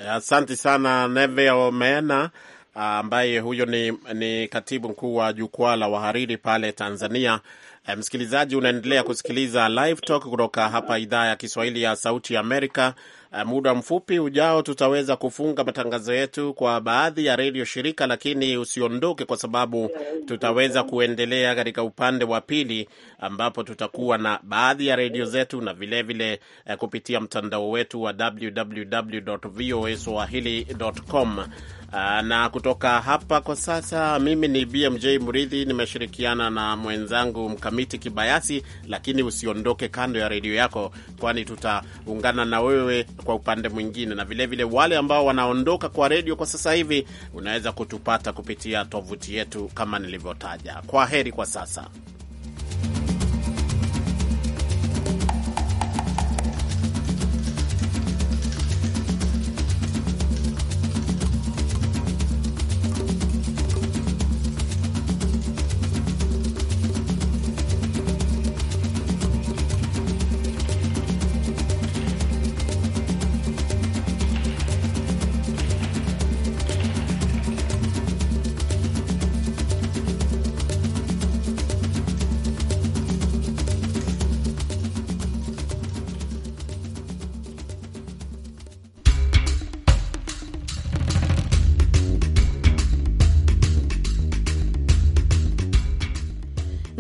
Asante sana Neve Omena ah, ambaye huyo ni, ni katibu mkuu wa jukwaa la wahariri pale Tanzania. E, msikilizaji unaendelea kusikiliza Live Talk kutoka hapa idhaa ya Kiswahili ya Sauti ya Amerika Eh, muda mfupi ujao tutaweza kufunga matangazo yetu kwa baadhi ya redio shirika, lakini usiondoke, kwa sababu tutaweza kuendelea katika upande wa pili, ambapo tutakuwa na baadhi ya redio zetu na vilevile vile eh, kupitia mtandao wetu wa www voa Ah, na kutoka hapa kwa sasa, mimi ni BMJ Mridhi, nimeshirikiana na mwenzangu Mkamiti Kibayasi. Lakini usiondoke kando ya redio yako, kwani tutaungana na wewe kwa upande mwingine, na vilevile vile wale ambao wanaondoka kwa redio kwa sasa hivi, unaweza kutupata kupitia tovuti yetu kama nilivyotaja. Kwa heri kwa sasa.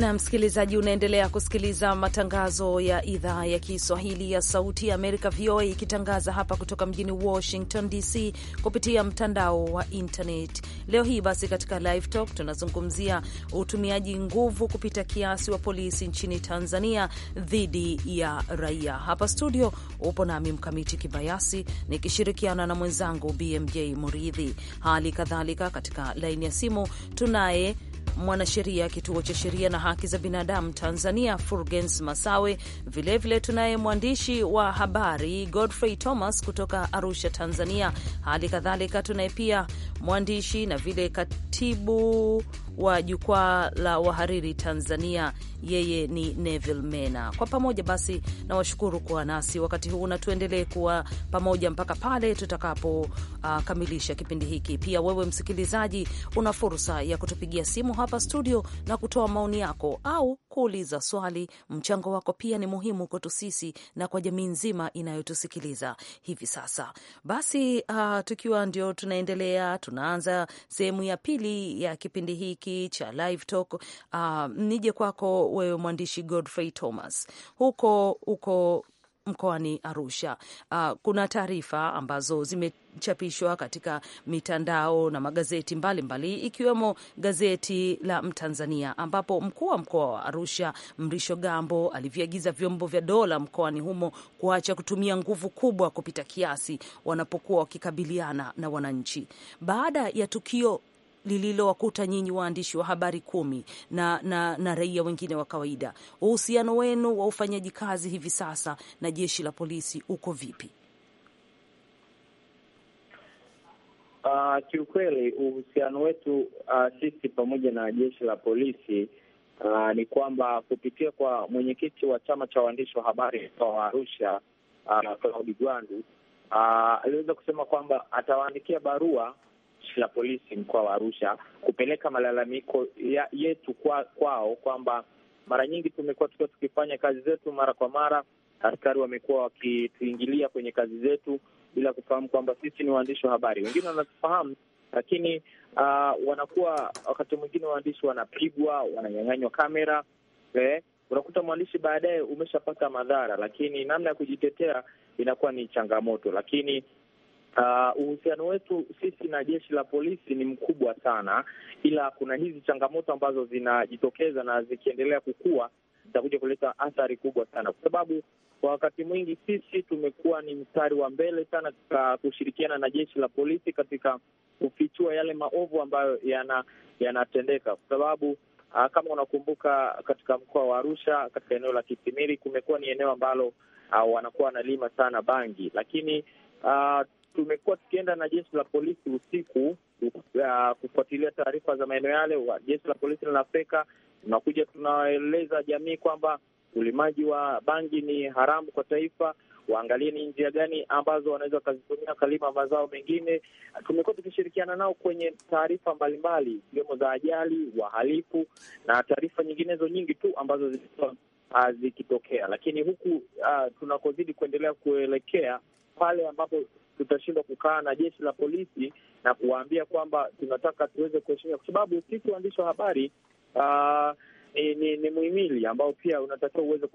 na msikilizaji, unaendelea kusikiliza matangazo ya idhaa ya Kiswahili ya Sauti ya Amerika, VOA, ikitangaza hapa kutoka mjini Washington DC kupitia mtandao wa internet. Leo hii basi, katika Live Talk tunazungumzia utumiaji nguvu kupita kiasi wa polisi nchini Tanzania dhidi ya raia. Hapa studio upo nami Mkamiti Kibayasi nikishirikiana na mwenzangu BMJ Muridhi. Hali kadhalika katika laini ya simu tunaye mwanasheria kituo cha sheria na haki za binadamu Tanzania, furgens Masawe. Vilevile tunaye mwandishi wa habari Godfrey Thomas kutoka Arusha, Tanzania. Hali kadhalika tunaye pia mwandishi na vile katibu wa jukwaa la wahariri Tanzania, yeye ni Neville Mena. Kwa pamoja basi, nawashukuru kuwa nasi wakati huu, na tuendelee kuwa pamoja mpaka pale tutakapokamilisha uh, kipindi hiki. Pia wewe msikilizaji, una fursa ya kutupigia simu hapa studio na kutoa maoni yako au kuuliza swali. Mchango wako pia ni muhimu kwetu sisi na kwa jamii nzima inayotusikiliza hivi sasa. Basi uh, tukiwa ndio tunaendelea, tunaanza sehemu ya pili ya kipindi hiki hiki cha live talk. Uh, nije kwako wewe mwandishi Godfrey Thomas, huko huko mkoani Arusha. Uh, kuna taarifa ambazo zimechapishwa katika mitandao na magazeti mbalimbali mbali, ikiwemo gazeti la Mtanzania ambapo mkuu wa mkoa wa Arusha Mrisho Gambo aliviagiza vyombo vya dola mkoani humo kuacha kutumia nguvu kubwa kupita kiasi wanapokuwa wakikabiliana na wananchi baada ya tukio lililowakuta nyinyi waandishi wa habari kumi na, na, na raia wengine wa kawaida, uhusiano wenu wa ufanyaji kazi hivi sasa na jeshi la polisi uko vipi? Uh, kiukweli uhusiano wetu uh, sisi pamoja na jeshi la polisi uh, ni kwamba kupitia kwa mwenyekiti wa chama cha waandishi wa habari wa Arusha Claudi uh, Gwandu aliweza uh, kusema kwamba atawaandikia barua la polisi mkoa wa Arusha kupeleka malalamiko ya, yetu kwa, kwao kwamba mara nyingi tumekuwa tukiwa tukifanya kazi zetu mara kwa mara, askari wamekuwa wakituingilia kwenye kazi zetu bila kufahamu kwamba sisi ni waandishi wa habari. Wengine wanatufahamu lakini uh, wanakuwa wakati mwingine waandishi wanapigwa, wananyang'anywa kamera eh? Unakuta mwandishi baadaye umeshapata madhara, lakini namna ya kujitetea inakuwa ni changamoto. Lakini Uh, uhusiano wetu sisi na jeshi la polisi ni mkubwa sana, ila kuna hizi changamoto ambazo zinajitokeza na zikiendelea kukua zitakuja kuleta athari kubwa sana, kwa sababu kwa wakati mwingi sisi tumekuwa ni mstari wa mbele sana katika kushirikiana na jeshi la polisi katika kufichua yale maovu ambayo yanatendeka yana, kwa sababu uh, kama unakumbuka katika mkoa wa Arusha katika eneo la Kisimiri kumekuwa ni eneo ambalo uh, wanakuwa wanalima sana bangi, lakini uh, tumekuwa tukienda na jeshi la polisi usiku uh, kufuatilia taarifa za maeneo yale. Jeshi la polisi linafeka, tunakuja tunaeleza jamii kwamba ulimaji wa bangi ni haramu kwa taifa, waangalie ni njia gani ambazo wanaweza wakazitumia kalima mazao mengine. Tumekuwa tukishirikiana nao kwenye taarifa mbalimbali ikiwemo za ajali, wahalifu na taarifa nyinginezo nyingi tu ambazo zilikuwa zikitokea, lakini huku uh, tunakozidi kuendelea kuelekea pale ambapo tutashindwa kukaa na jeshi la polisi na kuwaambia kwamba tunataka tuweze kuheshimia, kwa sababu sisi waandishi wa habari uh, ni, ni, ni muhimili ambao pia unatakiwa uweze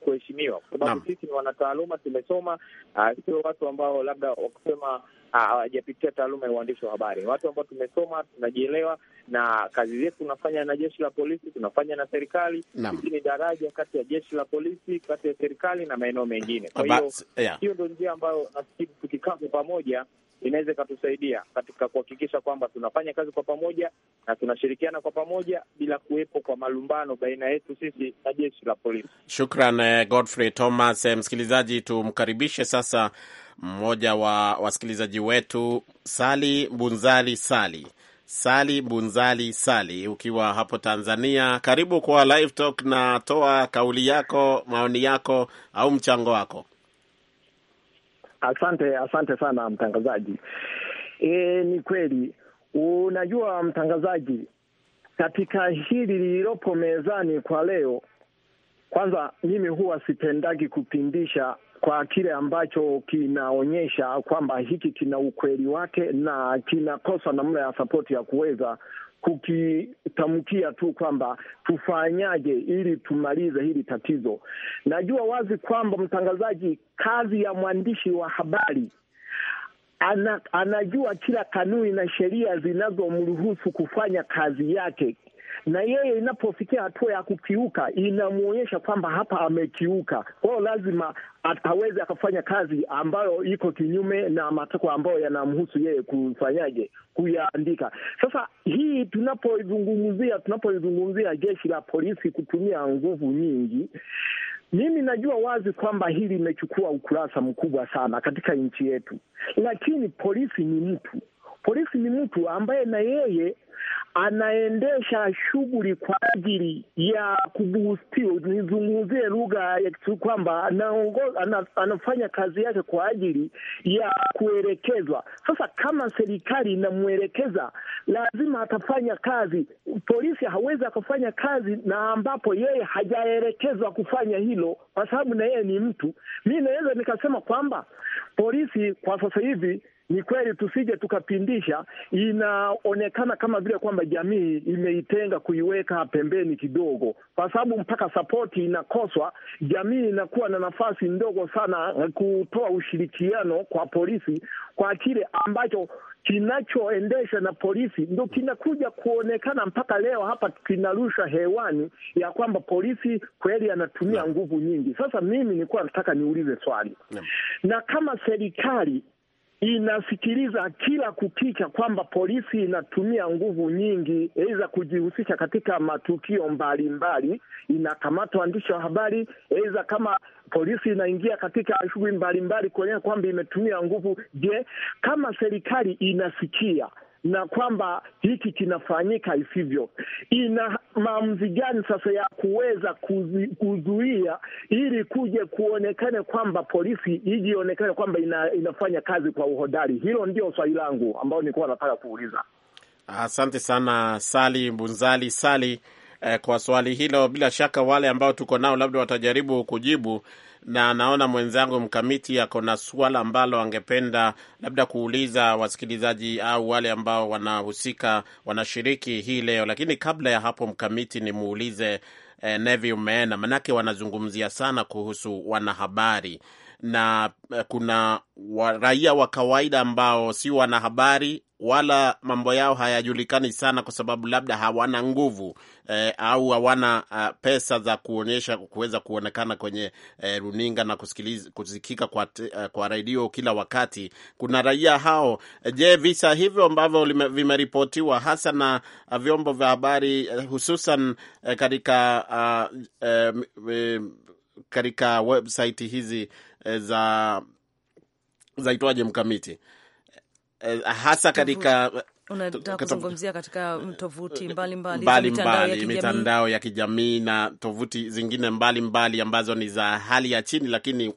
kuheshimiwa, kwa sababu sisi ni wanataaluma, tumesoma, ah, sio watu ambao labda wakusema Ah, hawajapitia taaluma ya uandishi wa habari, watu ambao tumesoma, tunajielewa na kazi zetu tunafanya na jeshi la polisi, tunafanya na serikali. Hii ni daraja kati ya jeshi la polisi, kati ya serikali na maeneo mengine. Kwa hiyo hiyo, yeah, ndio njia ambayo nafikiri tukikaa kwa pamoja inaweza ikatusaidia katika kuhakikisha kwamba tunafanya kazi kwa pamoja na tunashirikiana kwa pamoja bila kuwepo kwa malumbano baina yetu sisi na jeshi la polisi. Shukran eh, Godfrey Thomas. Eh, msikilizaji, tumkaribishe sasa mmoja wa wasikilizaji wetu Sali Bunzali Sali Sali Bunzali Sali, ukiwa hapo Tanzania, karibu kwa Live Talk na toa kauli yako, maoni yako au mchango wako. Asante, asante sana mtangazaji. E, ni kweli unajua mtangazaji, katika hili lililopo mezani kwa leo, kwanza mimi huwa sipendagi kupindisha kwa kile ambacho kinaonyesha kwamba hiki kina ukweli wake na kinakosa namna ya sapoti ya kuweza kukitamkia tu kwamba tufanyaje ili tumalize hili tatizo. Najua wazi kwamba mtangazaji, kazi ya mwandishi wa habari ana, anajua kila kanuni na sheria zinazomruhusu kufanya kazi yake na yeye inapofikia hatua ya kukiuka inamwonyesha kwamba hapa amekiuka. Kwa hiyo lazima aweze akafanya kazi ambayo iko kinyume na matakwa ambayo yanamhusu yeye kufanyaje, kuyaandika. Sasa hii tunapoizungumzia, tunapoizungumzia jeshi la polisi kutumia nguvu nyingi mimi najua wazi kwamba hili limechukua ukurasa mkubwa sana katika nchi yetu, lakini polisi ni mtu Polisi ni mtu ambaye na yeye anaendesha shughuli kwa ajili ya kubustia, nizungumzie lugha ya kitu kwamba anafanya kazi yake kwa ajili ya kuelekezwa. Sasa kama serikali inamwelekeza, lazima atafanya kazi. Polisi hawezi akafanya kazi na ambapo yeye hajaelekezwa kufanya hilo, kwa sababu na yeye ni mtu. Mi naweza nikasema kwamba polisi kwa sasa hivi ni kweli tusije tukapindisha, inaonekana kama vile kwamba jamii imeitenga kuiweka pembeni kidogo, kwa sababu mpaka sapoti inakoswa, jamii inakuwa na nafasi ndogo sana kutoa ushirikiano kwa polisi kwa kile ambacho kinachoendeshwa na polisi ndo kinakuja kuonekana mpaka leo hapa kinarusha hewani ya kwamba polisi kweli anatumia nguvu nyingi. Sasa mimi nilikuwa nataka niulize swali na, na kama serikali inasikiliza kila kukicha kwamba polisi inatumia nguvu nyingi aidha kujihusisha katika matukio mbalimbali, inakamata waandishi wa habari aidha kama polisi inaingia katika shughuli mbalimbali kuonyesha kwamba imetumia nguvu. Je, kama serikali inasikia na kwamba hiki kinafanyika isivyo. Ina maamuzi gani sasa ya kuweza kuzuia ili kuje kuonekane kwamba polisi ijionekane kwamba ina, inafanya kazi kwa uhodari? Hilo ndio swali langu ambayo nilikuwa nataka kuuliza. Asante sana Sali Bunzali Sali eh, kwa swali hilo. Bila shaka wale ambao tuko nao labda watajaribu kujibu na naona mwenzangu mkamiti ako na suala ambalo angependa labda kuuliza wasikilizaji au wale ambao wanahusika wanashiriki hii leo, lakini kabla ya hapo, mkamiti nimuulize eh, Nevi Umeena, manake wanazungumzia sana kuhusu wanahabari na eh, kuna raia wa kawaida ambao si wanahabari wala mambo yao hayajulikani sana, kwa sababu labda hawana nguvu eh, au hawana uh, pesa za kuonyesha kuweza kuonekana kwenye eh, runinga na kusikika kwa, uh, kwa redio kila wakati. Kuna raia hao. Je, visa hivyo ambavyo vimeripotiwa hasa na vyombo vya habari hususan eh, katika uh, eh, katika website hizi Eh, za zaitwaje mkamiti eh, hasa katika unataka kuzungumzia katika tovuti mbalimbali eh, mbali, mbali, ya mitandao ya kijamii na tovuti zingine mbalimbali mbali ambazo ni za hali ya chini, lakini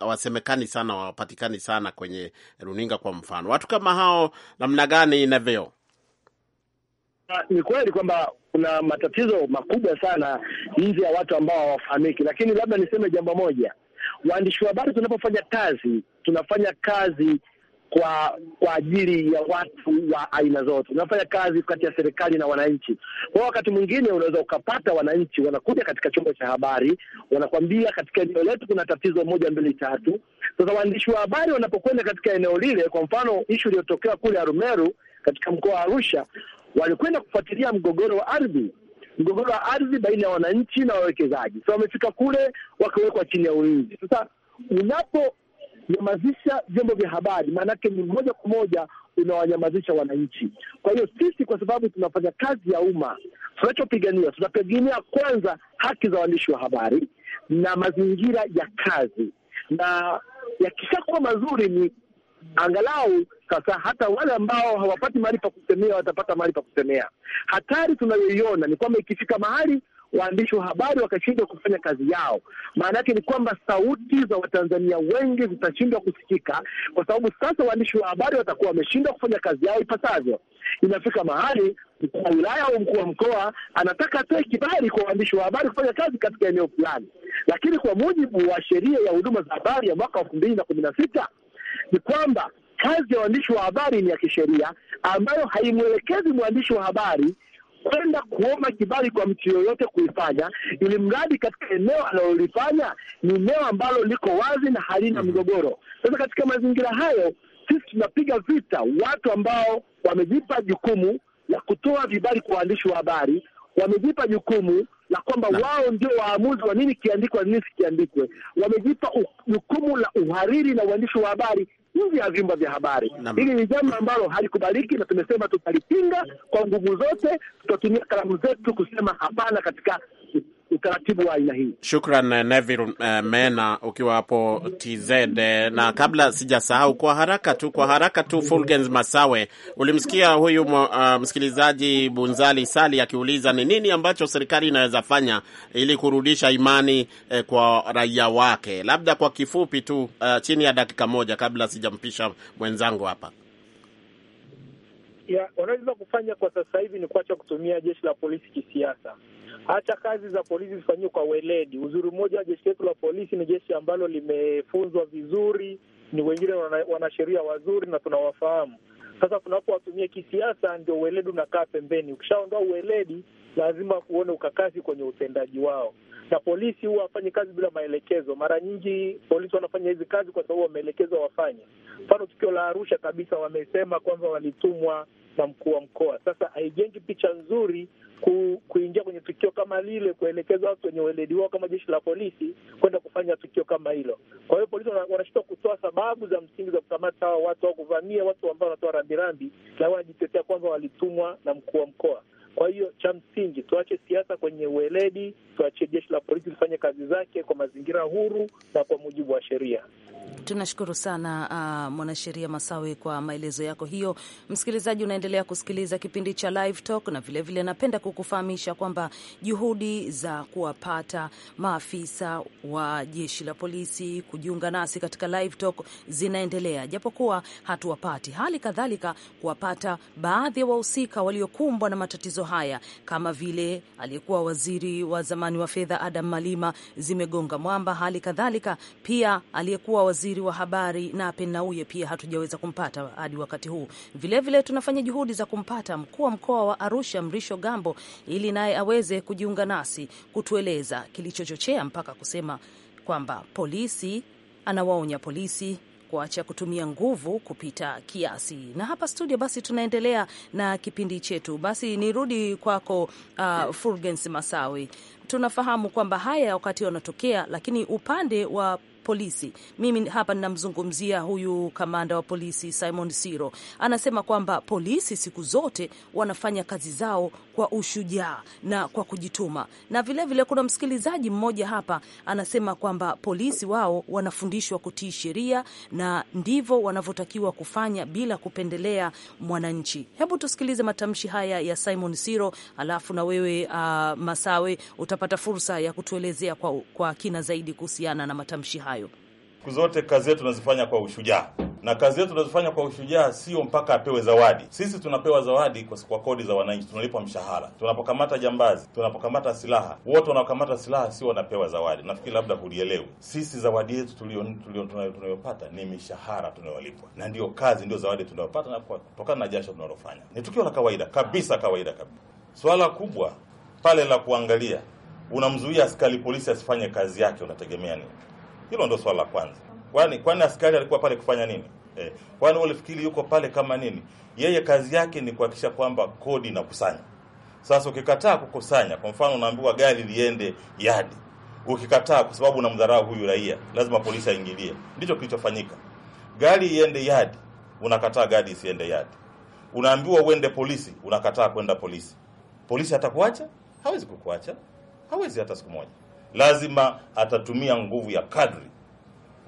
hawasemekani sana, hawapatikani sana kwenye runinga. Kwa mfano, watu kama hao namna gani inavyo ah, ni kweli kwamba kuna matatizo makubwa sana nje ya watu ambao hawafahamiki, lakini labda niseme jambo moja Waandishi wa habari tunapofanya kazi, tunafanya kazi kwa kwa ajili ya watu wa aina zote. Unafanya kazi kati ya serikali na wananchi. Kwa wakati mwingine unaweza ukapata wananchi wanakuja katika chombo cha habari, wanakwambia katika eneo letu kuna tatizo moja mbili tatu. Sasa waandishi wa habari wanapokwenda katika eneo lile, kwa mfano ishu iliyotokea kule Arumeru katika mkoa wa Arusha, walikwenda kufuatilia mgogoro wa ardhi mgogoro wa ardhi baina ya wananchi na wawekezaji. So wamefika kule wakiwekwa chini ya ulinzi. Sasa unaponyamazisha vyombo vya habari, maanake ni moja kwa moja unawanyamazisha wananchi. Kwa hiyo sisi, kwa sababu tunafanya kazi ya umma, tunachopigania, tunapigania kwanza haki za waandishi wa habari na mazingira ya kazi, na yakishakuwa mazuri ni angalau sasa hata wale ambao hawapati mahali pa kusemea watapata mahali pa kusemea. Hatari tunayoiona ni kwamba ikifika mahali waandishi wa habari wakashindwa kufanya kazi yao, maana yake ni kwamba sauti za Watanzania wengi zitashindwa kusikika, kwa sababu sasa waandishi wa habari watakuwa wameshindwa kufanya kazi yao ipasavyo. Inafika mahali mkuu wa wilaya au mkuu wa mkoa anataka atoe kibali kwa waandishi wa habari kufanya kazi katika eneo fulani, lakini kwa mujibu wa sheria ya huduma za habari ya mwaka elfu mbili na kumi na sita ni kwamba kazi ya waandishi wa habari ni ya kisheria, ambayo haimwelekezi mwandishi wa habari kwenda kuomba kibali kwa mtu yoyote kuifanya, ili mradi katika eneo analolifanya ni eneo ambalo liko wazi na halina mm-hmm. mgogoro. Sasa katika mazingira hayo, sisi tunapiga vita watu ambao wamejipa jukumu la kutoa vibali kwa waandishi wa habari, wamejipa jukumu la kwamba wao ndio waamuzi wa nini kiandikwa, nini sikiandikwe. Wamejipa jukumu la uhariri na uandishi wa habari nje ya vyumba vya habari. Hili ni jambo ambalo halikubaliki na tumesema tutalipinga kwa nguvu zote, tutatumia kalamu zetu kusema hapana katika utaratibu wa aina hii. Shukran eh, Neville uh, Mena ukiwa hapo TZ. Eh, na kabla sijasahau, kwa haraka tu kwa haraka tu, Fulgens Masawe, ulimsikia huyu uh, msikilizaji Bunzali Sali akiuliza ni nini ambacho serikali inaweza fanya ili kurudisha imani eh, kwa raia wake. Labda kwa kifupi tu, uh, chini ya dakika moja, kabla sijampisha mwenzangu hapa wanaweza kufanya kwa sasa hivi ni kuacha kutumia jeshi la polisi kisiasa. Hacha kazi za polisi zifanyiwe kwa weledi. Uzuri mmoja wa jeshi letu la polisi ni jeshi ambalo limefunzwa vizuri, ni wengine wanasheria wana wazuri na tunawafahamu. Sasa tunapowatumia kisiasa, ndio uweledi unakaa pembeni. Ukishaondoa uweledi lazima uone ukakasi kwenye utendaji wao, na polisi huwa wafanye kazi bila maelekezo. Mara nyingi polisi wanafanya hizi kazi kwa sababu wameelekezwa wafanye. Mfano tukio la Arusha kabisa, wamesema kwamba walitumwa na mkuu wa mkoa. Sasa haijengi picha nzuri ku, kuingia kwenye tukio kama lile, kuelekeza watu wenye ueledi wao kama jeshi la polisi kwenda kufanya tukio kama hilo. Kwa hiyo polisi wanashindwa kutoa sababu za msingi za kukamata hawa watu au kuvamia watu ambao wanatoa rambirambi, na wanajitetea kwamba walitumwa na mkuu wa mkoa. Kwa hiyo cha msingi, tuache siasa kwenye uweledi, tuache jeshi la polisi lifanye kazi zake kwa mazingira huru na kwa mujibu wa sheria. Tunashukuru sana uh, mwanasheria Masawe kwa maelezo yako hiyo. Msikilizaji, unaendelea kusikiliza kipindi cha Live Talk, na vilevile vile napenda kukufahamisha kwamba juhudi za kuwapata maafisa wa jeshi la polisi kujiunga nasi katika Live Talk zinaendelea, japokuwa hatuwapati. Hali kadhalika kuwapata baadhi ya wa wahusika waliokumbwa na matatizo haya kama vile aliyekuwa waziri wa zamani wa fedha Adam Malima zimegonga mwamba. Hali kadhalika pia aliyekuwa waziri wa habari Nape Nnauye pia hatujaweza kumpata hadi wakati huu. Vilevile vile tunafanya juhudi za kumpata mkuu wa mkoa wa Arusha Mrisho Gambo ili naye aweze kujiunga nasi kutueleza kilichochochea mpaka kusema kwamba polisi anawaonya polisi kuacha kutumia nguvu kupita kiasi. Na hapa studio basi tunaendelea na kipindi chetu. Basi nirudi kwako, uh, Fulgens Masawi. Tunafahamu kwamba haya wakati wanatokea, lakini upande wa polisi, mimi hapa ninamzungumzia huyu kamanda wa polisi Simon Siro, anasema kwamba polisi siku zote wanafanya kazi zao kwa ushujaa na kwa kujituma. Na vilevile vile kuna msikilizaji mmoja hapa anasema kwamba polisi wao wanafundishwa kutii sheria na ndivyo wanavyotakiwa kufanya bila kupendelea mwananchi. Hebu tusikilize matamshi haya ya Simon Siro, alafu na wewe uh, Masawe utapata fursa ya kutuelezea kwa, kwa kina zaidi kuhusiana na matamshi hayo hayo. Siku zote kazi yetu tunazifanya kwa ushujaa na kazi yetu tunazifanya kwa ushujaa, sio mpaka apewe zawadi. Sisi tunapewa zawadi kwa, kwa kodi za wananchi, tunalipwa mshahara. Tunapokamata jambazi, tunapokamata silaha, wote wanaokamata silaha sio wanapewa zawadi. Nafikiri labda hulielewi. Sisi zawadi yetu tunayopata ni mishahara tunayolipwa, na ndio kazi, ndio zawadi tunayopata na kutokana na jasho tunalofanya. Ni tukio la kawaida kabisa, kawaida kabisa. Swala kubwa pale la kuangalia, unamzuia askari polisi asifanye kazi yake, unategemea nini? Hilo ndo swala la kwanza. Kwani kwani askari alikuwa pale kufanya nini? Eh, kwani ulifikiri yuko pale kama nini? Yeye kazi yake ni kuhakikisha kwamba kodi inakusanya. Sasa ukikataa kukusanya, kwa mfano unaambiwa gari liende yadi, ukikataa kwa sababu unamdharau huyu raia, lazima polisi aingilie. Ndicho kilichofanyika. Gari iende yadi, unakataa gari isiende yadi. Unaambiwa uende polisi, unakataa kwenda polisi. Polisi atakuacha? Hawezi kukuacha, hawezi hata siku moja lazima atatumia nguvu ya kadri,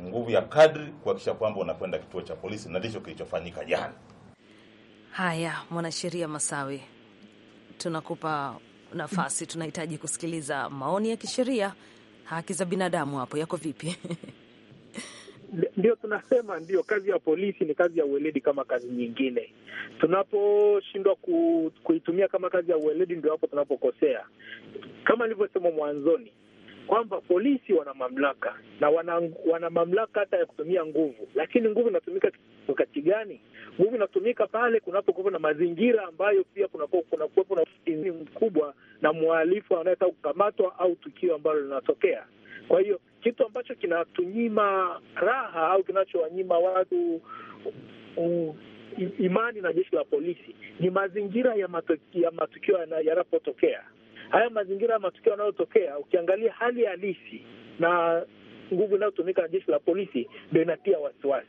nguvu ya kadri kuhakikisha kwamba unakwenda kituo cha polisi, na ndicho kilichofanyika jana. Haya, mwanasheria Masawi, tunakupa nafasi, tunahitaji kusikiliza maoni ya kisheria. Haki za binadamu hapo yako vipi? Ndio, tunasema ndio, kazi ya polisi ni kazi ya uweledi kama kazi nyingine. Tunaposhindwa ku, kuitumia kama kazi ya uweledi, ndio hapo tunapokosea. Kama nilivyosema mwanzoni, kwamba polisi wana mamlaka na wana, wana mamlaka hata ya kutumia nguvu, lakini nguvu inatumika wakati gani? Nguvu inatumika pale kunapokuwepo na mazingira ambayo pia kunakuwepo na ulinzi mkubwa na mhalifu anayetaka kukamatwa au tukio ambalo linatokea. Kwa hiyo kitu ambacho kinatunyima raha au kinachowanyima watu um, imani na jeshi la polisi ni mazingira ya matukio yanapotokea haya mazingira ya matukio yanayotokea, ukiangalia hali halisi na nguvu inayotumika na jeshi la polisi, ndio inatia wasiwasi.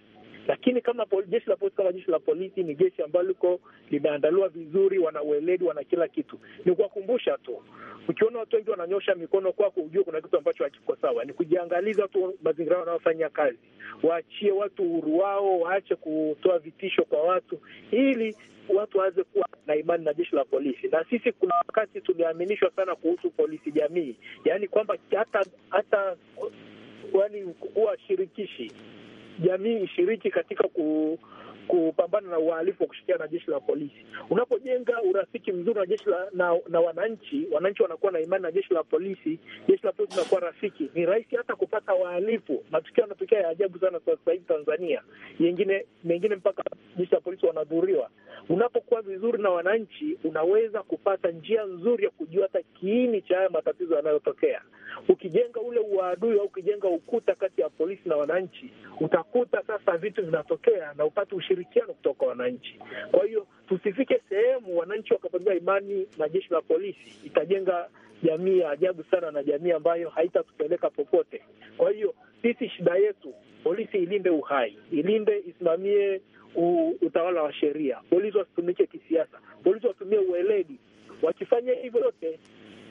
Lakini kama jeshi la polisi, kama jeshi la polisi ni jeshi ambalo liko limeandaliwa vizuri, wana ueledi, wana kila kitu. Ni kuwakumbusha tu, ukiona watu wengi wananyosha mikono kwako, ujue kuna kitu ambacho hakiko sawa. Ni kujiangaliza tu mazingira wanaofanyia kazi, waachie watu uhuru wao, waache kutoa vitisho kwa watu ili watu waweze kuwa na imani na jeshi la polisi. Na sisi kuna wakati tuliaminishwa sana kuhusu polisi jamii, yaani kwamba hata hata yaani kuwa shirikishi jamii ishiriki katika ku kupambana na uhalifu wa kushirikiana na jeshi la polisi. Unapojenga urafiki mzuri na jeshi la na, na wananchi, wananchi wanakuwa na imani na jeshi la polisi, jeshi la polisi linakuwa rafiki. Ni rahisi hata kupata wahalifu. Matukio yanatokea ya ajabu sana sasa hivi Tanzania, yengine mengine mpaka jeshi la polisi wanadhuriwa. Unapokuwa vizuri na wananchi, unaweza kupata njia nzuri ya kujua hata kiini cha haya matatizo yanayotokea. Ukijenga ule uadui au ukijenga ukuta kati ya polisi na wananchi, utakuta sasa vitu vinatokea na upate ushiriki ushirikiano kutoka wananchi. Kwa hiyo tusifike sehemu wananchi wakapoteza imani na jeshi la polisi, itajenga jamii ya ajabu sana na jamii ambayo haitatupeleka popote. Kwa hiyo sisi, shida yetu, polisi ilinde uhai, ilinde, isimamie utawala wa sheria. Polisi wasitumike kisiasa, polisi watumie uweledi Wakifanya hivyo yote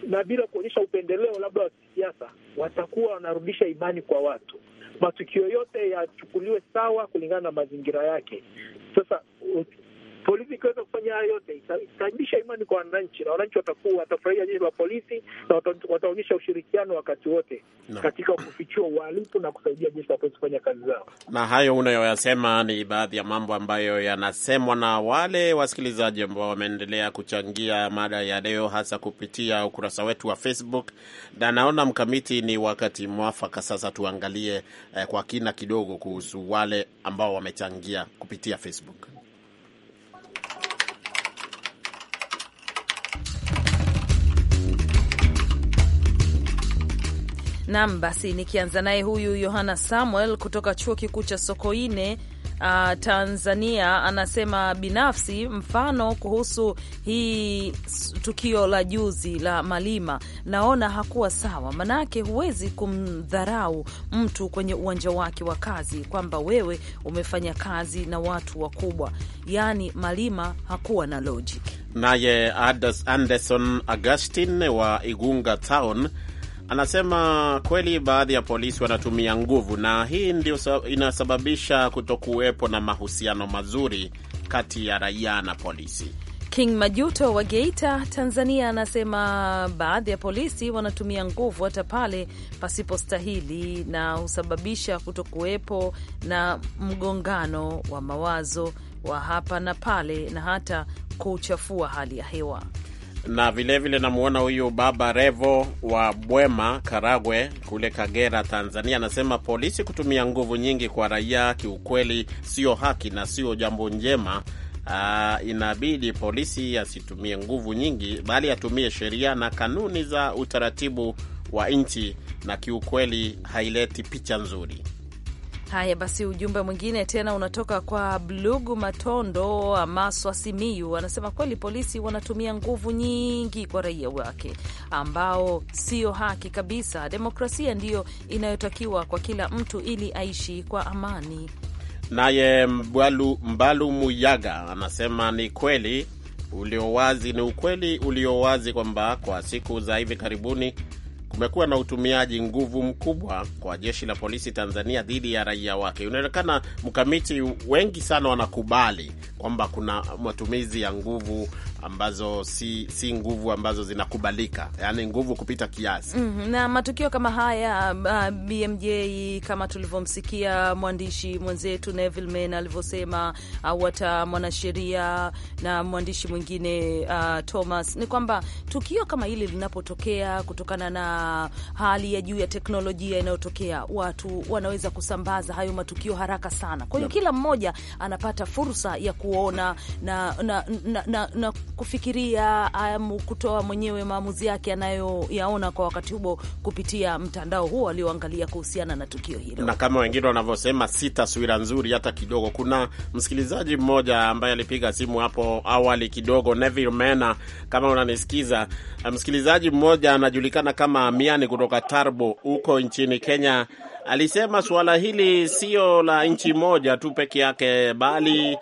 na bila kuonyesha upendeleo labda wa kisiasa, watakuwa wanarudisha imani kwa watu matukio yote yachukuliwe sawa kulingana na mazingira yake. Sasa polisi ikiweza kufanya haya yote itarudisha imani kwa wananchi, na wananchi watakuwa watafurahia jeshi la polisi na wataonyesha ushirikiano wakati wote no. katika kufichua uhalifu na kusaidia jeshi la polisi kufanya kazi zao. Na hayo unayoyasema ni baadhi ya mambo ambayo yanasemwa na wale wasikilizaji ambao wameendelea kuchangia mada ya leo, hasa kupitia ukurasa wetu wa Facebook, na naona mkamiti ni wakati mwafaka sasa tuangalie eh, kwa kina kidogo kuhusu wale ambao wamechangia kupitia Facebook. Nam, basi nikianza naye huyu Yohana Samuel kutoka chuo kikuu cha Sokoine Uh, Tanzania anasema binafsi, mfano kuhusu hii tukio la juzi la Malima, naona hakuwa sawa, manake huwezi kumdharau mtu kwenye uwanja wake wa kazi, kwamba wewe umefanya kazi na watu wakubwa. Yaani Malima hakuwa na logic. Naye Anderson Agustin wa Igunga Town Anasema kweli baadhi ya polisi wanatumia nguvu, na hii ndio inasababisha kutokuwepo na mahusiano mazuri kati ya raia na polisi. King Majuto wa Geita, Tanzania, anasema baadhi ya polisi wanatumia nguvu hata pale pasipo stahili na husababisha kutokuwepo na mgongano wa mawazo wa hapa na pale na hata kuchafua hali ya hewa na vilevile namwona huyu Baba Revo wa Bwema, Karagwe kule Kagera, Tanzania, anasema polisi kutumia nguvu nyingi kwa raia kiukweli sio haki na sio jambo njema. Uh, inabidi polisi asitumie nguvu nyingi, bali atumie sheria na kanuni za utaratibu wa nchi, na kiukweli haileti picha nzuri. Haya basi, ujumbe mwingine tena unatoka kwa Blugu Matondo Amaswa Simiyu, anasema kweli polisi wanatumia nguvu nyingi kwa raia wake ambao sio haki kabisa. Demokrasia ndiyo inayotakiwa kwa kila mtu ili aishi kwa amani. Naye Mbalu, Mbalu Muyaga anasema ni kweli uliowazi, ni ukweli uliowazi kwamba kwa siku za hivi karibuni kumekuwa na utumiaji nguvu mkubwa kwa jeshi la polisi Tanzania dhidi ya raia wake. Inaonekana mkamiti wengi sana wanakubali kwamba kuna matumizi ya nguvu ambazo si, si nguvu ambazo zinakubalika, yani nguvu kupita kiasi. mm -hmm. Na matukio kama haya uh, ah, BMJ kama tulivyomsikia mwandishi mwenzetu Neville Men alivyosema, au ah, hata mwanasheria na mwandishi mwingine uh, Thomas, ni kwamba tukio kama hili linapotokea, kutokana na hali ya juu ya teknolojia inayotokea, watu wanaweza kusambaza hayo matukio haraka sana. Kwa hiyo kila mmoja anapata fursa ya kuona na, na, na, na, na kufikiria um, kutoa mwenyewe maamuzi yake anayoyaona kwa wakati huo kupitia mtandao huo alioangalia kuhusiana na tukio hilo. Na kama wengine wanavyosema, si taswira nzuri hata kidogo. Kuna msikilizaji mmoja ambaye alipiga simu hapo awali kidogo, Neville Mena, kama unanisikiza msikilizaji mmoja anajulikana kama Miani kutoka Tarbo huko nchini Kenya Alisema suala hili sio la nchi moja tu peke yake, bali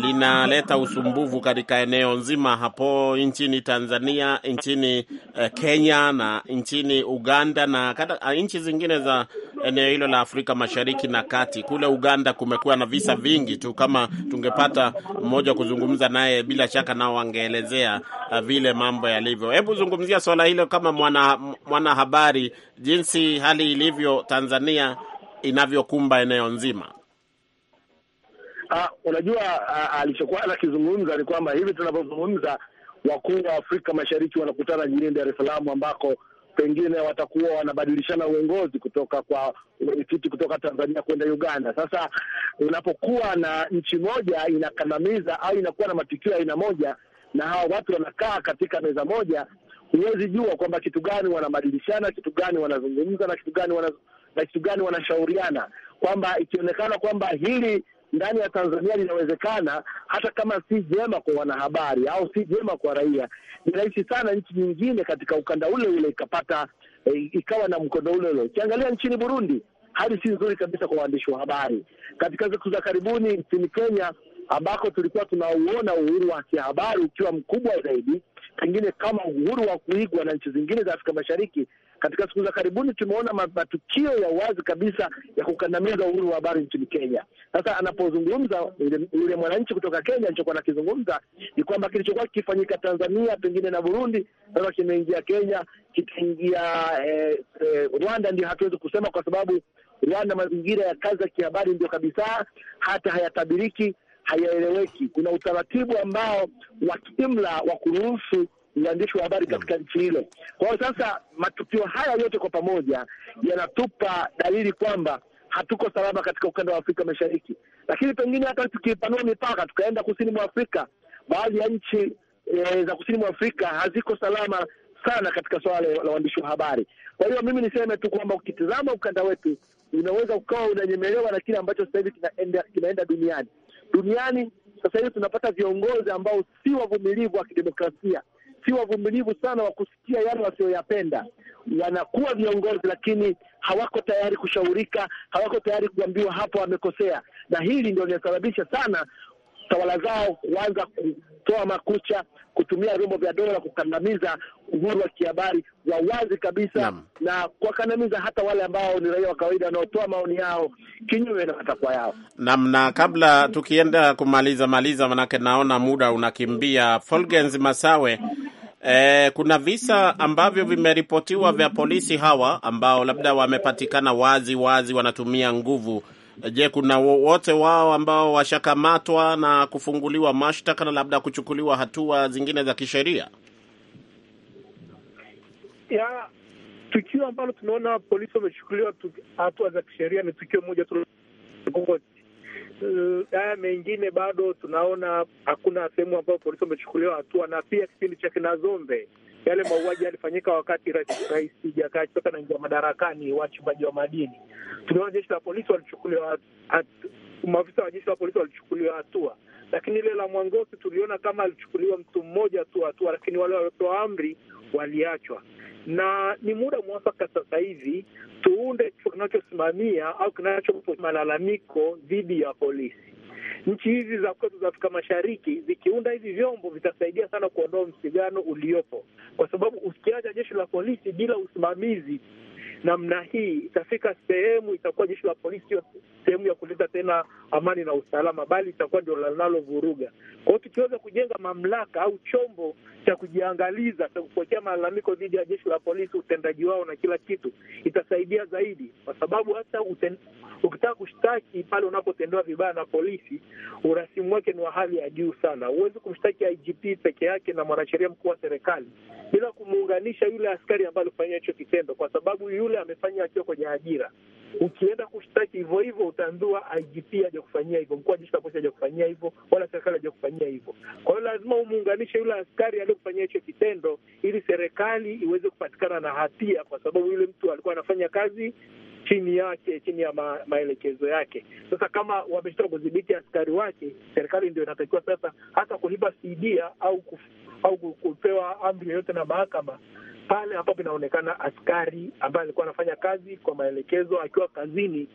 linaleta usumbuvu katika eneo nzima hapo nchini Tanzania, nchini eh, Kenya na nchini Uganda na nchi zingine za eneo hilo la Afrika Mashariki na Kati. Kule Uganda kumekuwa na visa vingi tu, kama tungepata mmoja kuzungumza naye, bila shaka nao wangeelezea uh, vile mambo yalivyo. Hebu zungumzia swala hilo kama mwana mwanahabari, jinsi hali ilivyo Tanzania inavyokumba eneo nzima. Ah, unajua ah, alichokuwa anakizungumza ni kwamba hivi tunavyozungumza wakuu wa Afrika Mashariki wanakutana jijini Dar es Salaam ambako pengine watakuwa wanabadilishana uongozi kutoka kwa mwenyekiti kutoka Tanzania kwenda Uganda. Sasa unapokuwa na nchi moja inakandamiza au inakuwa na matukio aina moja, na hawa watu wanakaa katika meza moja, huwezi jua kwamba kitu gani wanabadilishana, kitu gani wanazungumza na kitu gani wana na kitu gani wanashauriana, kwamba ikionekana kwamba hili ndani ya Tanzania linawezekana, hata kama si jema kwa wanahabari au si jema kwa raia, ni rahisi sana nchi nyingine katika ukanda ule ule ikapata e, ikawa na mkondo ule ule. Ukiangalia nchini Burundi, hali si nzuri kabisa kwa waandishi wa habari. Katika siku za karibuni nchini Kenya ambako tulikuwa tunauona uhuru wa kihabari ukiwa mkubwa zaidi, pengine kama uhuru wa kuigwa na nchi zingine za Afrika Mashariki, katika siku za karibuni tumeona matukio ya wazi kabisa ya kukandamiza uhuru wa habari nchini Kenya. Sasa anapozungumza yule mwananchi kutoka Kenya, alichokuwa nakizungumza ni kwamba kilichokuwa kikifanyika Tanzania pengine na Burundi sasa kimeingia Kenya, kitaingia eh, eh, Rwanda. Ndio hatuwezi kusema kwa sababu Rwanda mazingira ya kazi ya kihabari ndio kabisa, hata hayatabiriki, hayaeleweki. Kuna utaratibu ambao wa kimla wa kuruhusu mwandishi wa habari katika nchi hilo. Kwa hiyo sasa, matukio haya yote kwa pamoja yanatupa dalili kwamba hatuko salama katika ukanda wa Afrika Mashariki, lakini pengine hata tukipanua mipaka tukaenda kusini mwa Afrika, baadhi ya nchi e, za kusini mwa Afrika haziko salama sana katika swala la uandishi wa habari. Kwa hiyo mimi niseme tu kwamba ukitizama ukanda wetu unaweza ukawa unanyemelewa na kile ambacho sasa hivi kinaenda, kinaenda duniani. Duniani sasa hivi tunapata viongozi ambao si wavumilivu wa kidemokrasia si wavumilivu sana wa kusikia yale wasioyapenda. Wanakuwa viongozi, lakini hawako tayari kushaurika, hawako tayari kuambiwa hapo wamekosea, na hili ndio linasababisha sana tawala zao kuanza kutoa makucha, kutumia vyombo vya dola kukandamiza uhuru wa kihabari wa wazi kabisa Nam. na kuwakandamiza hata wale ambao ni raia wa kawaida wanaotoa maoni yao kinyume na matakwa yao. Naam, na kabla tukienda kumaliza maliza, manake naona muda unakimbia, Fulgens Masawe. Eh, kuna visa ambavyo vimeripotiwa vya polisi hawa ambao labda wamepatikana wazi wazi wanatumia nguvu Je, kuna wote wao ambao washakamatwa na kufunguliwa mashtaka na labda kuchukuliwa hatua zingine za kisheria? Ya tukio ambalo tunaona polisi wamechukuliwa hatua za kisheria ni tukio moja tu. Uh, haya mengine bado tunaona hakuna sehemu ambayo polisi wamechukuliwa hatua, na pia kipindi cha kinazombe yale mauaji yalifanyika wakati Rais Jakaya Kikwete anaingia madarakani, wachimbaji wa madini. Tuliona jeshi la polisi walichukuliwa, maafisa wa jeshi la polisi walichukuliwa hatua, lakini ile la Mwangosi tuliona kama alichukuliwa mtu mmoja tu hatua, lakini wale waliopewa amri waliachwa. Na ni muda mwafaka sasa hivi tuunde kinachosimamia au kinachoa malalamiko dhidi ya polisi nchi hizi za kwetu za Afrika Mashariki zikiunda hivi vyombo vitasaidia sana kuondoa msigano uliopo, kwa sababu ukiacha jeshi la polisi bila usimamizi namna hii itafika sehemu itakuwa jeshi la polisi sio sehemu ya kuleta tena amani na usalama, bali itakuwa ndio linalovuruga. Kwa hiyo tukiweza kujenga mamlaka au chombo cha kujiangaliza cha kupokea malalamiko dhidi ya jeshi la polisi, utendaji wao na kila kitu, itasaidia zaidi, kwa sababu hata uten... ukitaka kushtaki pale unapotendewa vibaya na polisi, urasimu wake ni wa hali ya juu sana. Huwezi kumshtaki IGP peke yake na mwanasheria mkuu wa serikali bila kumuunganisha yule askari ambaye alifanyia hicho kitendo, kwa sababu yule yule amefanya akiwa kwenye ajira. Ukienda kushtaki hivyo hivyo, utaambiwa IGP haja kufanyia hivyo, mkuu wa jeshi la polisi kufanyia hivyo, wala serikali haja kufanyia hivyo. Kwa hiyo lazima umuunganishe yule askari aliyokufanyia hicho kitendo, ili serikali iweze kupatikana na hatia, kwa sababu yule mtu alikuwa anafanya kazi chini yake, chini ya ma, maelekezo yake. Sasa kama wameshindwa kudhibiti askari wake, serikali ndio inatakiwa sasa hata kulipa fidia au kuf, au kupewa amri yoyote na mahakama pale ambapo inaonekana askari ambaye alikuwa anafanya kazi kwa maelekezo akiwa kazini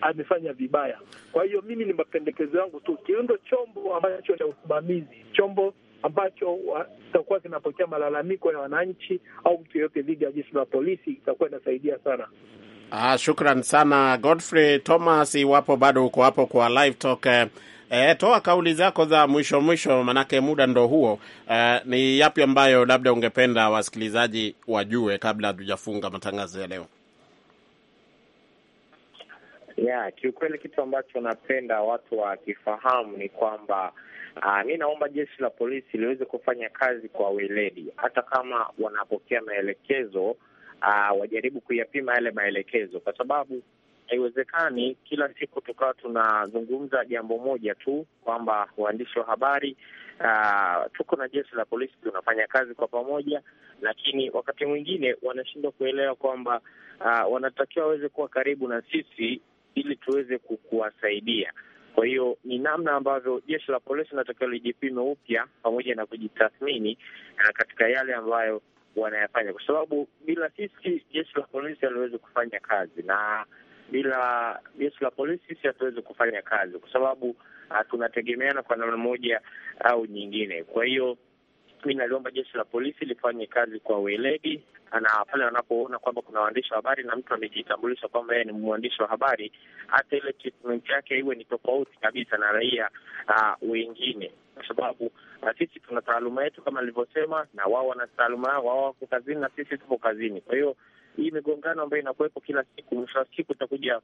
amefanya vibaya. Kwa hiyo mimi ni mapendekezo yangu tu kiundo chombo ambacho cha usimamizi, chombo ambacho kitakuwa kinapokea malalamiko ya wananchi au mtu yeyote dhidi ya jeshi la polisi itakuwa inasaidia sana. Ah, shukran sana Godfrey Thomas. Iwapo bado uko hapo kwa live talk, eh, E, toa kauli zako za mwisho mwisho, manake muda ndo huo. E, ni yapi ambayo labda ungependa wasikilizaji wajue kabla hatujafunga matangazo ya leo? Yeah, kiukweli kitu ambacho napenda watu wakifahamu ni kwamba Uh, mi naomba jeshi la polisi liweze kufanya kazi kwa weledi, hata kama wanapokea maelekezo uh, wajaribu kuyapima yale maelekezo, kwa sababu haiwezekani kila siku tukawa tunazungumza jambo moja tu kwamba waandishi wa habari uh, tuko na jeshi la polisi, tunafanya kazi kwa pamoja, lakini wakati mwingine wanashindwa kuelewa kwamba uh, wanatakiwa waweze kuwa karibu na sisi ili tuweze kuwasaidia. Kwa hiyo ni namna ambavyo jeshi la polisi linatakiwa lijipime upya pamoja na kujitathmini uh, katika yale ambayo wanayafanya, kwa sababu bila sisi jeshi la polisi haliwezi kufanya kazi na bila jeshi la polisi sisi hatuwezi kufanya kazi, kwa sababu ah, tunategemeana kwa namna moja au nyingine. Kwa hiyo mi naliomba jeshi la polisi lifanye kazi kwa weledi, na pale wanapoona kwamba kuna waandishi wa habari na mtu amejitambulisha kwamba yeye ni mwandishi wa habari, hata ile treatment yake iwe ni tofauti kabisa na raia uh, wengine, kwa sababu na ah, sisi tuna taaluma yetu kama nilivyosema, na wao wana taaluma yao. Wao wako kazini na sisi tupo kazini, kwa hiyo hii migongano ambayo inakuwepo kila siku, mwisho wa siku itakuja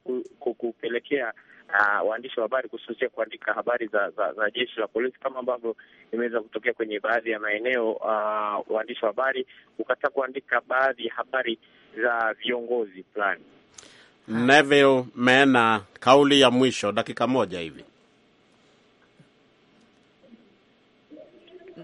kupelekea uh, waandishi wa habari kususia kuandika habari za, za, za jeshi la polisi kama ambavyo imeweza kutokea kwenye baadhi ya maeneo uh, waandishi wa habari ukata kuandika baadhi ya habari za viongozi fulani. Neville Mena, kauli ya mwisho, dakika moja hivi.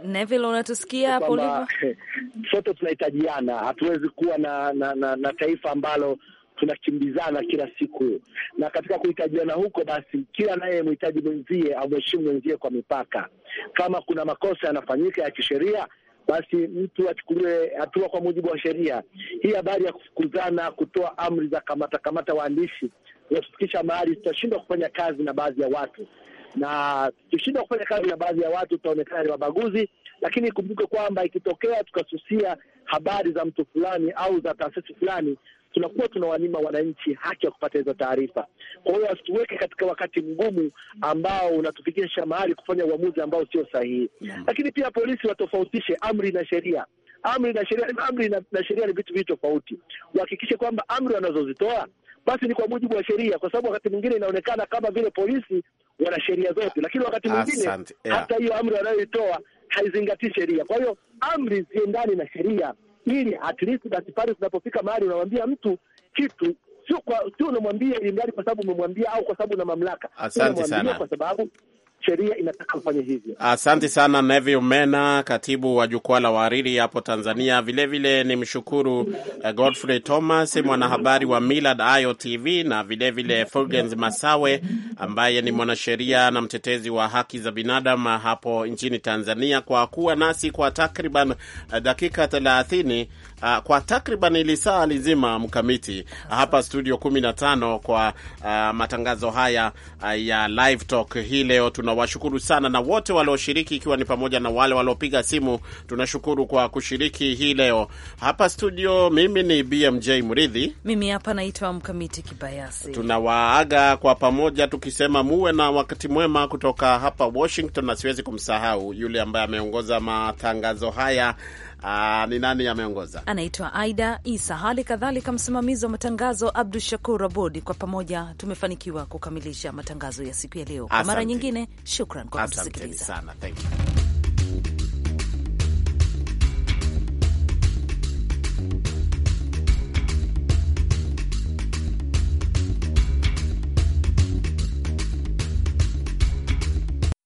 Neville, unatusikia hapo ulipo? [laughs] Sote tunahitajiana, hatuwezi kuwa na na, na na taifa ambalo tunakimbizana kila siku, na katika kuhitajiana huko, basi kila naye mhitaji mwenzie au mheshimu mwenzie kwa mipaka. Kama kuna makosa yanafanyika ya kisheria basi mtu achukuliwe hatua kwa mujibu wa sheria. Hii habari ya kufukuzana, kutoa amri za kamata kamata waandishi inatufikisha mahali tutashindwa kufanya kazi na baadhi ya watu, na tushindwa kufanya kazi na baadhi ya watu tutaonekana ni wabaguzi, lakini kumbuke kwamba ikitokea tukasusia habari za mtu fulani au za taasisi fulani tunakuwa tunawanyima wananchi haki ya kupata hizo taarifa. Kwa hiyo wasituweke katika wakati mgumu ambao unatufikisha mahali kufanya uamuzi ambao sio sahihi, yeah. Lakini pia polisi watofautishe amri na sheria. Amri na sheria, amri na, na sheria ni vitu vii tofauti. Wahakikishe kwamba amri wanazozitoa basi ni kwa mujibu wa sheria, kwa sababu wakati mwingine inaonekana kama vile polisi wana sheria zote, lakini wakati mwingine yeah, hata hiyo amri wanayoitoa haizingatii sheria. Kwa hiyo amri ziendani na sheria, ili at least basi pale tunapofika mahali unamwambia mtu kitu sio kwa sio unamwambia ili kwa sababu umemwambia au kwa sababu una mamlaka. Asante sana, kwa sababu sheria inataka ufanye hivyo. Asante sana Nevi Umena, katibu wa jukwaa la wahariri hapo Tanzania. Vilevile ni mshukuru eh, Godfrey Thomas, mwanahabari wa Millard Ayo TV, na vilevile Fulgens Masawe ambaye ni mwanasheria na mtetezi wa haki za binadamu hapo nchini Tanzania, kwa kuwa nasi kwa takriban eh, dakika thelathini, ah, kwa takriban ili saa lizima mkamiti hapa studio 15 kwa ah, matangazo haya ah, ya Live Talk hii leo tunawashukuru sana na wote walioshiriki, ikiwa ni pamoja na wale waliopiga simu. Tunashukuru kwa kushiriki hii leo hapa studio. Mimi ni BMJ Mridhi, mimi hapa naitwa Mkamiti Kibayasi. Tunawaaga kwa pamoja tukisema muwe na wakati mwema kutoka hapa Washington, na siwezi kumsahau yule ambaye ameongoza matangazo haya Ah, ni nani ameongoza? Anaitwa Aida Isa. Hali kadhalika msimamizi wa matangazo Abdu Shakur Abud. Kwa pamoja tumefanikiwa kukamilisha matangazo ya siku ya leo. Kwa mara nyingine, shukran kwa kutusikiliza sana. Thank you.